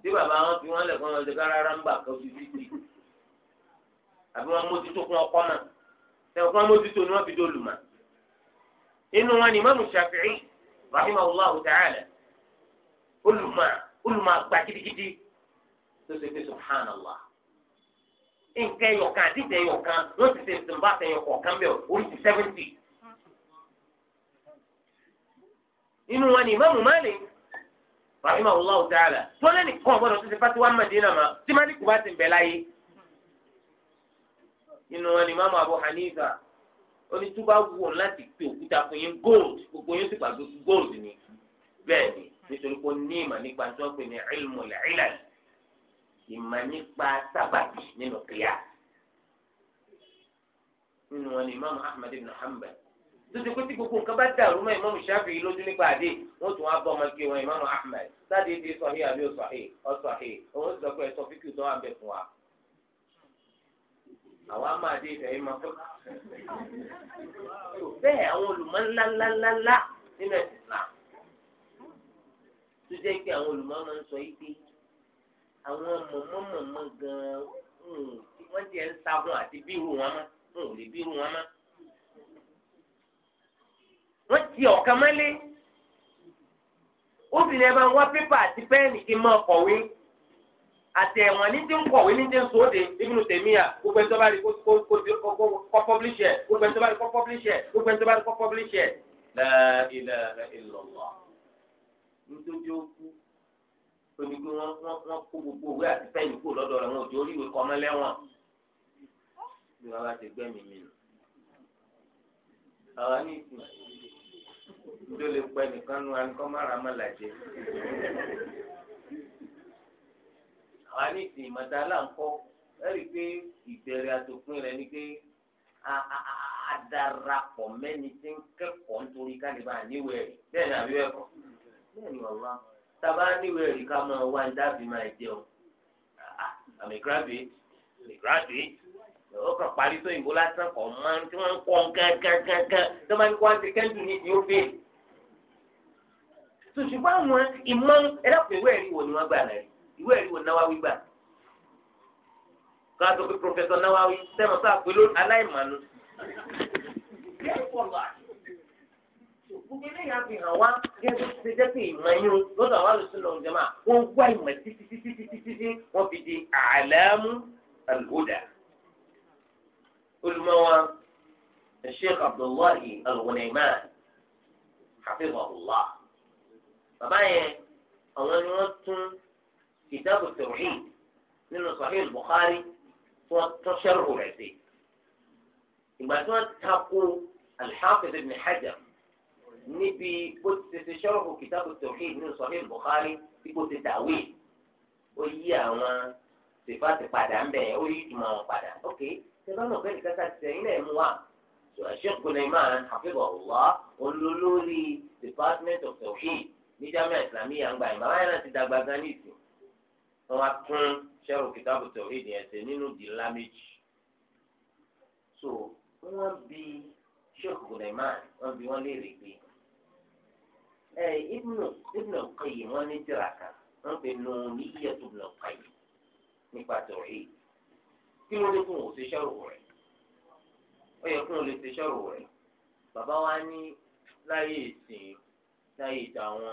tí bàbá wọn fi wọn lẹ̀kọ́ wọn lẹ́ka rárá ń bà kó fi fi àbí wọn mójútó fún ọkọ mà sẹ́wọ́n fún mójútó ni fi dóòlù mà inú wọn ni gidigidi tó ṣe nǹkan ẹyọkan àdìjẹ ẹyọkan wọn ti ṣe ìsìnbá àtẹyọkọ kan bẹ́ẹ̀ oríṣi sẹfẹntì. inú wọn ni ìmáàmù Malik rahima allah ta'ala tọ́lẹ̀ nìkan gbọ́dọ̀ tó ṣe fatiwa Madina ma tí Malik bá ti bẹ̀ láyé. inú wọn ni ìmáàmù Abu Hanifa onítúbà wò láti pe òkúta fún yín gold gbogbo yín sì gbàgbé gold ni bẹ́ẹ̀ ni nítorí pé ó ní ìmọ̀ nípa tí wọ́n pè ní ilmu al ìmọ̀ nípa sábàbí nínú kíá nínú wọn ni imaamu ahmed ibn hanbal títí pé tí gbogbo nǹkan bá dàrú mọ́ imaamu shafi'i lójú nípa àdé wọ́n tún wá bọ́ ọmọ kí wọn imaamu ahmed sáde di sọ̀hí àbí ọ̀sọ̀hí ọ̀sọ̀hí òun sọ pé ẹ̀sọ́ fíkì tó wà bẹ̀ fún wa. àwa máa dé ìfẹ́ yìí máa fún wa. àwọn olùmọ̀ ńláńláńlá nínú ẹ̀sìn náà tó jẹ́ pé àwọn olùmọ̀ máa ń sọ yìí pé àwọn mọ̀mọ́mọ̀mọ́ gan-an hmm, wọ́n ti ẹ̀ ń sagun àti bírù wọn mọ́ wọn hmm, ò lè bírù wọn mọ́. wọ́n ti ọ̀kan mọ́lé obìnrin ẹ bá ń wá pépà àti pẹ́ẹ́nì kí n máa kọ̀wé àti ẹ̀wọ̀n ní ti ń kọ̀wé ní ti ń sòóde Ibnu Taymiya gbogbo ẹni tó bá rí kó kọ́ pọ́blíṣì ẹ̀ gbogbo ẹni tó bá rí kọ́ pọ́blíṣì gbogbo ẹni tó bá rí kọ́ pọ́blíṣì ẹ̀ nítorí ó kú torí pé wọ́n wọ́n wọ́n kó gbogbo òwe àti pẹ́ẹ́nì kúrò lọ́dọ̀ rẹ̀ wọn ò jẹ́ orí ìwé kọ́mọ́ lẹ́wọ̀n bí wọ́n bá ti gbẹ́mìí mi nù. àwọn ní ìsìn tó lè pẹ́ nìkan nu anìkan mára má làjẹ́. àwọn ní ìsìn ìmọ̀ta aláǹkọ́ ẹ̀rí pé ìbẹ̀rẹ̀ àtòkùn rẹ̀ ni pé adarapọ̀ mẹ́ni tí ń kẹ́kọ̀ọ́ nítorí kálíbà níwèé bẹ́ẹ̀ ni àbí bẹ́ẹ̀ kọ́ bẹ́ẹ̀ ni ọ̀rọ̀ àwọn tàbá níwèé ẹ̀rí ká máa wá ní dábì máa jẹun àmì ah, graduate àmì graduate ó kàn parí sóyìnbó lásán kọ̀ máa ń tí wọ́n ń kọ́ gángangangan tó máa ń kó àti kẹ́ńdù ní ìdíwọ́ bẹ́ẹ̀. sòṣùgbọ́n àwọn ìmọ̀ ẹ̀dàpọ̀ ìwé ẹ̀rí wo ni wọ́n gbà rẹ̀ ìwé ẹ̀rí wo ni náwáwí gbà. ká sọ pé pòfẹ́sọ̀ náwáwí sẹ́wọ̀n sáà pé ló aláìmọ̀nù. gbogbo eléyà fi hàn wá gẹ́gẹ́ bí ṣe jẹ́ pé ìmọ̀ yín lọ́dọ̀ àwọn alùsùn náà jẹ́mà wọ́n gbá ìmọ̀ títí títí títí títí wọ́n fi di àlẹ́mú àlùhódà. olùmọ̀wá sheikh abdullahi alghunayman hafizahullah bàbá yẹn àwọn ni wọ́n tún kitabu tawhid nínú sahih bukhari tí wọ́n tún sharhu rẹ̀ sí. ìgbà tí wọ́n takò alḥafiz ibn hajar. níbi bó ti ṣe ṣọ́rọ̀kù kìtàbù tawhid nínú Sahih Bukhari tí kò ti dàwé ó yí àwọn tìfáàtì padà ń bẹ̀ ó yí ìtumọ̀ wọn padà ok tẹ́lá náà bẹ́ẹ̀ nìkan ká ti sẹ́yìn náà mú wa ṣèkú ní máa ń àfihàn wá olólórí department of tawhid ní jamiu islamiyya ń gba ìmọ̀ àwọn ẹ̀rọ ti dàgbà gan ní ìsìn wọn á tún ṣọ́rọ̀kù kìtàbù tawhid yẹn ṣe nínú di ńlá so wọn bí ṣèkú ní máa wọn bí wọn léèrè pé ibnu ibnu qayyim wọn ní tírà kan wọn pè nù níyẹtù ibnu qayyim nípa tòrí kí ló dé fún òun ṣe sọ̀rọ̀ rẹ̀ ó yẹ fún òun lè ṣe sọ̀rọ̀ rẹ̀ bàbá wa ní láyé ìsìn láyé ìta wọn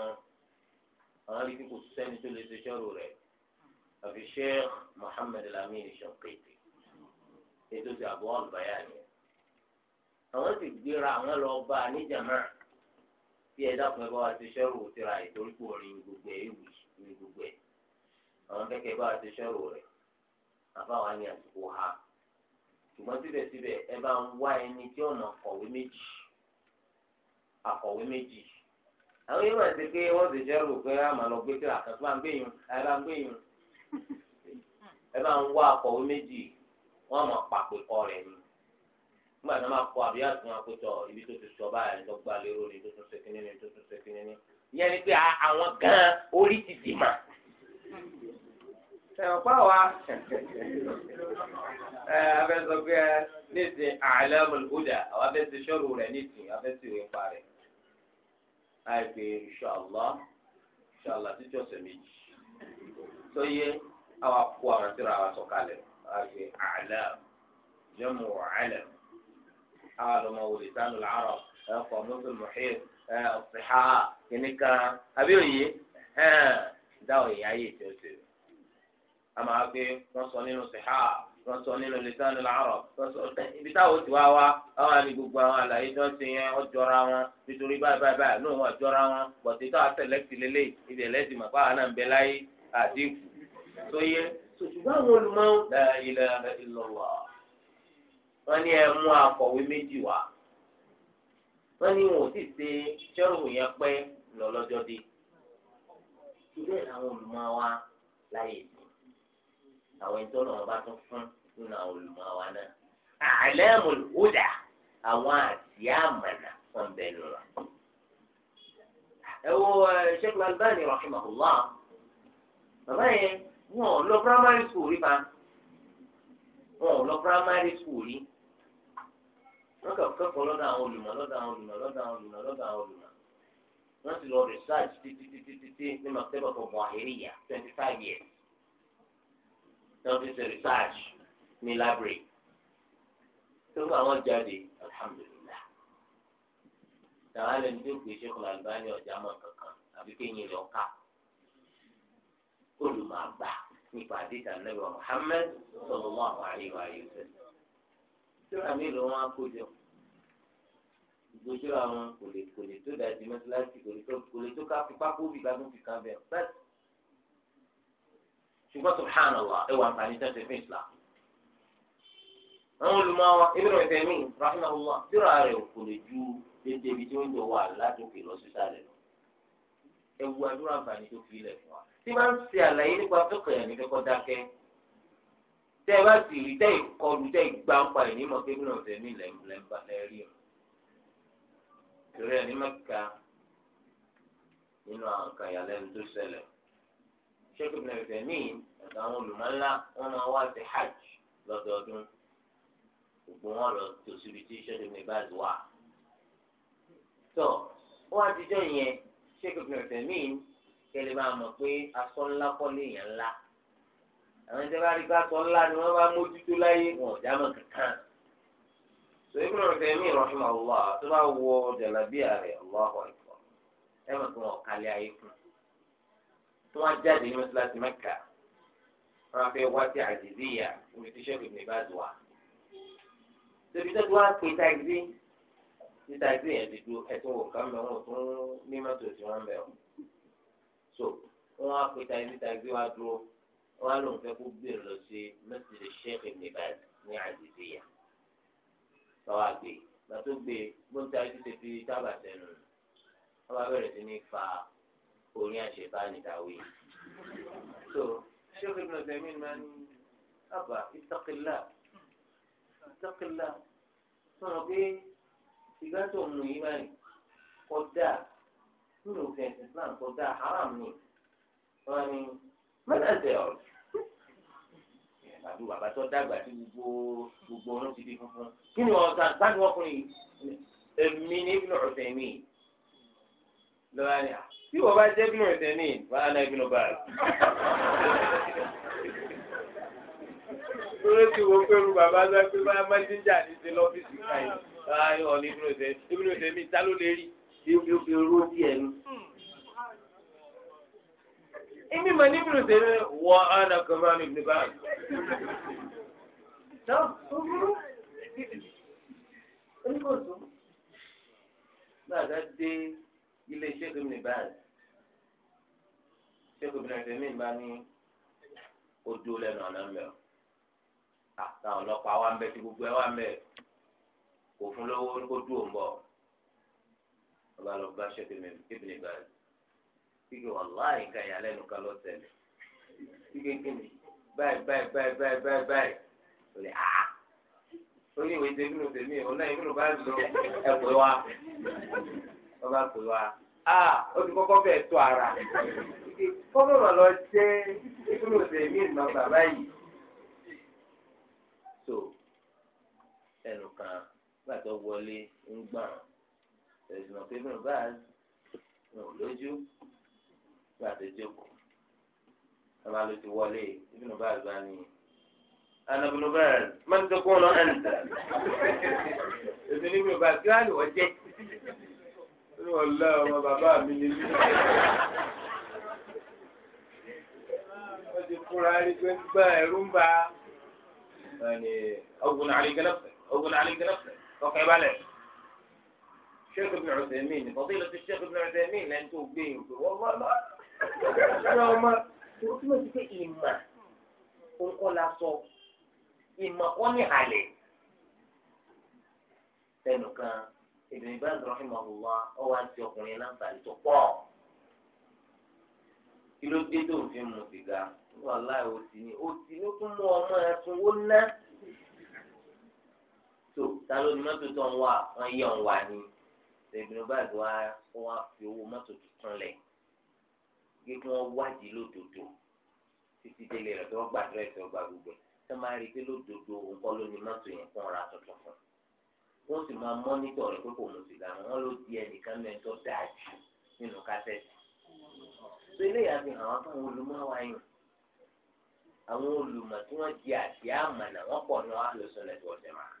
àwọn arígbé kò sẹ́ni tó lè ṣe sọ̀rọ̀ rẹ̀ àfi sheikh muhammed lamin Shanqiti ètò ti àbọ̀ ọ̀lùbáyà ni àwọn ti gbéra àwọn lọ bá a ní jàmáà. tí ẹ dákun ẹ bá wa ti sọ́rù tíra ìtorí pò orin gbogbo ẹ̀ ìwì ní gbogbo àwọn bá wa ti sọ́rù rẹ̀ àbáwa ni àsìkò ha ṣùgbọ́n síbẹ̀síbẹ̀ ẹ bá ń wá ẹni tí ọ̀nà akọ̀wé méjì akọ̀wé méjì àwọn yìí máa ti pé wọ́n ti sọ́rù pé a máa lọ gbé ń gbé yun ẹ bá ń gbé yun [LAUGHS] ẹ bá ń wá akọ̀wé méjì wọ́n máa pàpè rẹ̀ ni. nígbà tó máa kọ àbí àtúnwá pẹ̀tọ̀ ibi tó ti sọ báyìí tó gba lérò ni tó tún ṣe kínní ni tó tún ṣe kínní ni ìyẹn ni pé àwọn gan orí ti dì mà. ẹ̀wọ̀n pa wa ẹ [LAUGHS] eh, abẹ́ sọ pé ẹ eh, ní ìsìn A'lamul Huda àwọn abẹ́ ti sọ́ọ̀rù rẹ̀ ní ìsìn abẹ́ ti wé pa àìpé inshallah inshallah títí ọ̀sẹ̀ méjì tó yẹ àwọn akó àwọn tíra àwọn sọ̀kalẹ̀ àìpé àlẹ́ jẹ́mu àlẹ́ àwọn ọmọ lisanu al-arab ẹ̀kọ́ mọ́tò muhir ọ̀sìnhà kìnìkan àbí òye dáwọ̀ ìyá yìí tí ó ti rẹ̀. a máa gbé wọ́n sọ nínú sìhà wọ́n sọ nínú lisanu al-arab wọ́n sọ ibi táwọn ti wá wá àwọn àni gbogbo àwọn àlàyé tó ń ti yẹn wọ́n jọra wọn nítorí báyìí báyìí báyìí lóun wọ́n jọra wọn bọ̀dé táwọn sẹlẹ̀tì lélẹ̀ ibi ẹlẹ́sìn mọ̀ fáwọn náà ń bẹ láyé àdínkù tó yẹ ṣùgbọ́n àwọn olùmọ̀ la ilaha illallah wọ́n ní ẹ mú akọ̀wé méjì wá wọ́n ní wọn ò sì ṣe ṣẹ́rù yẹn pẹ́ lọ́lọ́jọ́ dé ilé àwọn olùmọ̀ wa láyé ìsìn àwọn ìtọ́nà wọn bá tún fún nínú àwọn olùmọ̀ wa náà àlẹ́ mọ̀lúkúdà àwọn àti àmàlà wọn bẹ̀ nù wa. ẹ wo Sheikh Albani rahimahullah bàbá yẹn wọn ò lọ primary school rí ba wọn ò lọ primary school rí wọ́n kàn kẹ́kọ̀ọ́ lọ́dọ̀ àwọn olùmọ̀ lọ́dọ̀ àwọn olùmọ̀ lọ́dọ̀ àwọn olùmọ̀ lọ́dọ̀ àwọn olùmọ̀ wọ́n ti lọ research títí títí títí ní maktaba tó bọ̀ àhíríyà twenty five years náà ti ṣe research ní library tó fún àwọn jáde alhamdulillah tàwọn alẹ́ ní tó gbé sẹ́kọ̀ọ́ Albani ọ̀jà mọ̀ kankan àbí kéyìn lọ ká olùmọ̀ àgbà nípa àdìtà nàbẹ̀ Muhammad sallallahu alaihi wa sallam tíra mi ló wọn kó jọ gbogbo tíra wọn kò lè kò lè tó dájú mẹsàlásì kò lè tó kò lè tó ká fi pákó bì ká tó fi kàn bẹ bẹ́ẹ̀ ṣùgbọ́n subhanallah ẹ wà nǹkan ní sẹ́ńtẹ̀ fún islam àwọn olùmọ̀wá Ibn Uthaymeen rahimahullah tíra rẹ̀ kò lè ju dédé ibi tí ó ń jọ wà látòkè lọ sí sálẹ̀ lọ ẹ wù àdúrà nǹkan tó fi ilẹ̀ fún wa tí máa ń ṣe àlàyé nípa fẹ́kọ̀ọ́ yẹn ní fẹ́kọ̀ọ́ dákẹ́ tẹ́ ẹ bá sì rí tẹ́ ìkọlù tẹ́ ìgbàǹpa ẹ̀ nímọ̀ pé gbọ́dọ̀ fẹ́ mi lẹ́ńbà lẹ́rí o. torí ẹ̀ ní mẹ́ka nínú àwọn nǹkan ìyàlẹ́nu tó ṣẹlẹ̀ ṣéèkì bìnrin fẹ́ mí ẹ̀ka àwọn olùmọ̀lá wọn máa wá sí hajj lọ́dọọdún gbogbo wọn lọ tó síbi tí ṣéèkì bìnrin bá ti wà. tó wọn àtijọ́ yẹn ṣéèkì bìnrin fẹ́ mí kẹ́lẹ́ bá mọ̀ pé asọ́ ńlá kọ́lé yẹn ńlá àwọn ìjọba rí ká sọ ńlá ni wọ́n bá mójútó láyé wọn ọ̀já mọ̀ kankan. sọ ibùdó rẹ̀ mí ìrọ̀ṣùn àwòlá tó bá wọ jàlábíà rẹ̀ ọlọ́wọ́ ìfọ̀ ẹ mọ̀ pé wọn kálí ayé fún un. tó wá jáde ní mọ́tíláṣí mẹ́ka wọn fẹ́ wá sí àjèjìyà omi tíṣẹ́ kò ní bá tóbi tó ti wá pè táìsì tí táìsì yẹn ti dúró wò ká mẹ́wọ̀n tún ní tí wọ́n bẹ̀ so wọ́n á pè táìsì wọn á lòun fẹ́ kó gbèrò lọ sí mẹsìlẹ sheikh ibn Baz ní àdìsíyà tọwọ àgbè gbàtó gbé gbóńtà yìí ti fi tábà sẹ́nu wọn bá bẹ̀rẹ̀ sí ní fa orin àṣẹbá nìdáwé so sheikh ibn Uthaymeen máa ń àbá ìtàkìlá ìtàkìlá sọ̀rọ̀ pé ìgbà tó ń mú yìí kọjá nínú òfin Islam kọjá haram ni wọn ni mẹ́tẹ̀ẹ̀tẹ̀ ọ̀ àbí bàbá tó dàgbà tí gbogbo gbogbo ọ̀nà ti di funfun kí ni wọn tán sáà ni wọn kùnrin èmi ní Ibn Uthaymeen lọ́wọ́ ni tí wọ́n bá jẹ́ Ibn Uthaymeen wàá náà Ibn Baz. lórí ti wo pé olú bàbá sọ pé bá mẹ́tíńjà ní ti lọ́fíìsì káyìí báyọ̀ ní Ibn Uthaymeen Ibn Uthaymeen ta ló lè rí bí ó fi oró bí ibi mà níbi rò tẹ̀lé wọ ànà kọ́má mi ní báyìí. Náà tó burú. Oníkòtò. Gbàgbá dé ilé iṣẹ́ gómìnà báyìí. Ṣé gómìnà tẹ̀lé mi bá ní ojú lẹ́nu ọ̀nà mẹ́rin? Àtàwọn ọlọ́pàá wa ń bẹ tí gbogbo ẹ wà ń bẹ. Kò fún lọ́wọ́ kó dùn bọ̀. Ọba lọ bá ṣẹ́gun mi báyìí síbi wàláì nǹkan ìyàlẹ́nu kan ló tẹ̀lé síbi kíni báyìí báyìí báyìí báyìí báyìí báyìí ó lè áá orí ìwé ṣe fúnnu tèmi ò náà ìfúnnu bá lọ ẹ̀pẹ́ wa wọ́n bá pè wá áá ó ti kọ́kọ́ bẹ̀ tó ara kọ́kọ́ mà lọ jẹ́ ìfúnnu tèmi ìmọ̀ bàbá yìí tó ẹnu kan gbàtọ́ wọlé ń gbà ẹ̀sìn ọ̀pẹ́ ìfúnnu bá lójú. gba àtẹjẹ kù ẹnba ló ti wọlé ibùdó bá àgbà ni anabunu bẹ́ẹ̀ máa ń tẹkọ ọ náà lọ ẹn èmi ní ní ibùnú bá kí wọn ni wọ́n jẹ́ ní ọlẹ ọmọ bàbá mi ní bí wọ́n ti fúnra rí pé ń gbà ẹ̀rú ń bá ọgùn àlìkẹ́lẹ́fẹ̀ ọgùn àlìkẹ́lẹ́fẹ̀ ọkẹ́ balẹ̀. شيخ ابن عثيمين فضيلة الشيخ ابن عثيمين أن تبين والله لا ẹ̀rọ ọmọ tó túmọ̀ sí pé ìmọ̀ nǹkan la kan ìbẹ̀rẹ̀ bá ìdúrọ̀fìn ọ̀hùnwá ọwọ́ àti ọkùnrin láǹfààní tó pọ̀ kí ló dé tó ń fi mu sìgá wà láì òsì ni òsì ló tún mú ọmọ ẹ tún wó ná tó ta ló ní mọ́tò tó ń wà wọ́n yẹ̀ ń wà ní ìbẹ̀rẹ̀ bá ìdúrọ̀ wá fi owó mọ́tò tuntun lẹ̀ pé kí wọ́n wádìí lódodo títí délé rẹ̀ tí wọ́n gba àdírẹ́sì ọgbà gbogbo tó máa rí i pé lódodo nǹkan ló ní mọ́tò yẹn fún ọ̀rá tuntun fún wọ́n sì máa mọ́nítọ̀ rẹ̀ pé kò mú sí ìlànà wọn ló di ẹnìkan mẹ́rin tó dáa jù nínú kásẹ̀tì tó eléyà fi hàn wọ́n fún olùmọ̀ wáyùn àwọn olùmọ̀ tí wọ́n di àti àmàlà wọ́n pọ̀ ní wàhálà sọ̀lẹ̀ tó ọ̀sẹ̀ máa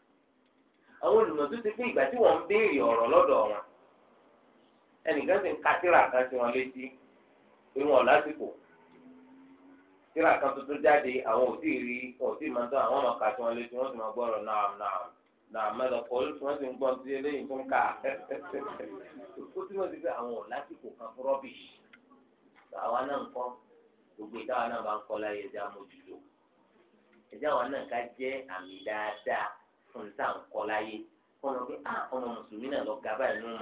àwọn olùmọ̀ tó ti pé ìgbà tí wọ́n ń béèrè ọ̀rọ̀ lọ́dọ̀ wọn ẹnìkan sì ń ka tírà kan sí wọn létí pé wọn lásìkò tíra kan tuntun jáde àwọn ò tí ì rí wọn ò tí ì máa tán àwọn ọmọ kà tí wọn lé tí wọn sì máa gbọ́rọ̀ náà náà náà mẹlọpọ tí wọn sì ń gbọ́n tí eléyìí tó ń kà ó túmọ̀ sí pé àwọn ò lásìkò kan fún rọ́bìṣì àwa náà ń kọ́ gbogbo ìdáwa náà bá ń kọ́ láyé ẹja mójútó ẹja wa náà ká jẹ́ àmì dáadáa fún ní sáà ń kọ́ láyé fún ọmọ pé á ọmọ mùsùlùmí náà lọ gaba ẹ̀ mà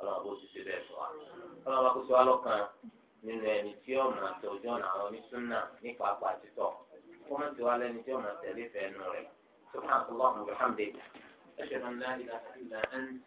ọlọ́mọ bó ti ṣe bẹ́ẹ̀ sọ wa ọlọ́mọ bá kó sọ wa lọ́kàn nínú ẹni tí ó máa tẹ ojú ọ̀nà àwọn onísúnà nípa apàtítọ̀ kó má ti wá lẹ́ni tí ó máa tẹ̀lé fẹ́ẹ́ nù rẹ̀ subhanahu wa ta'ala alhamdulilayi.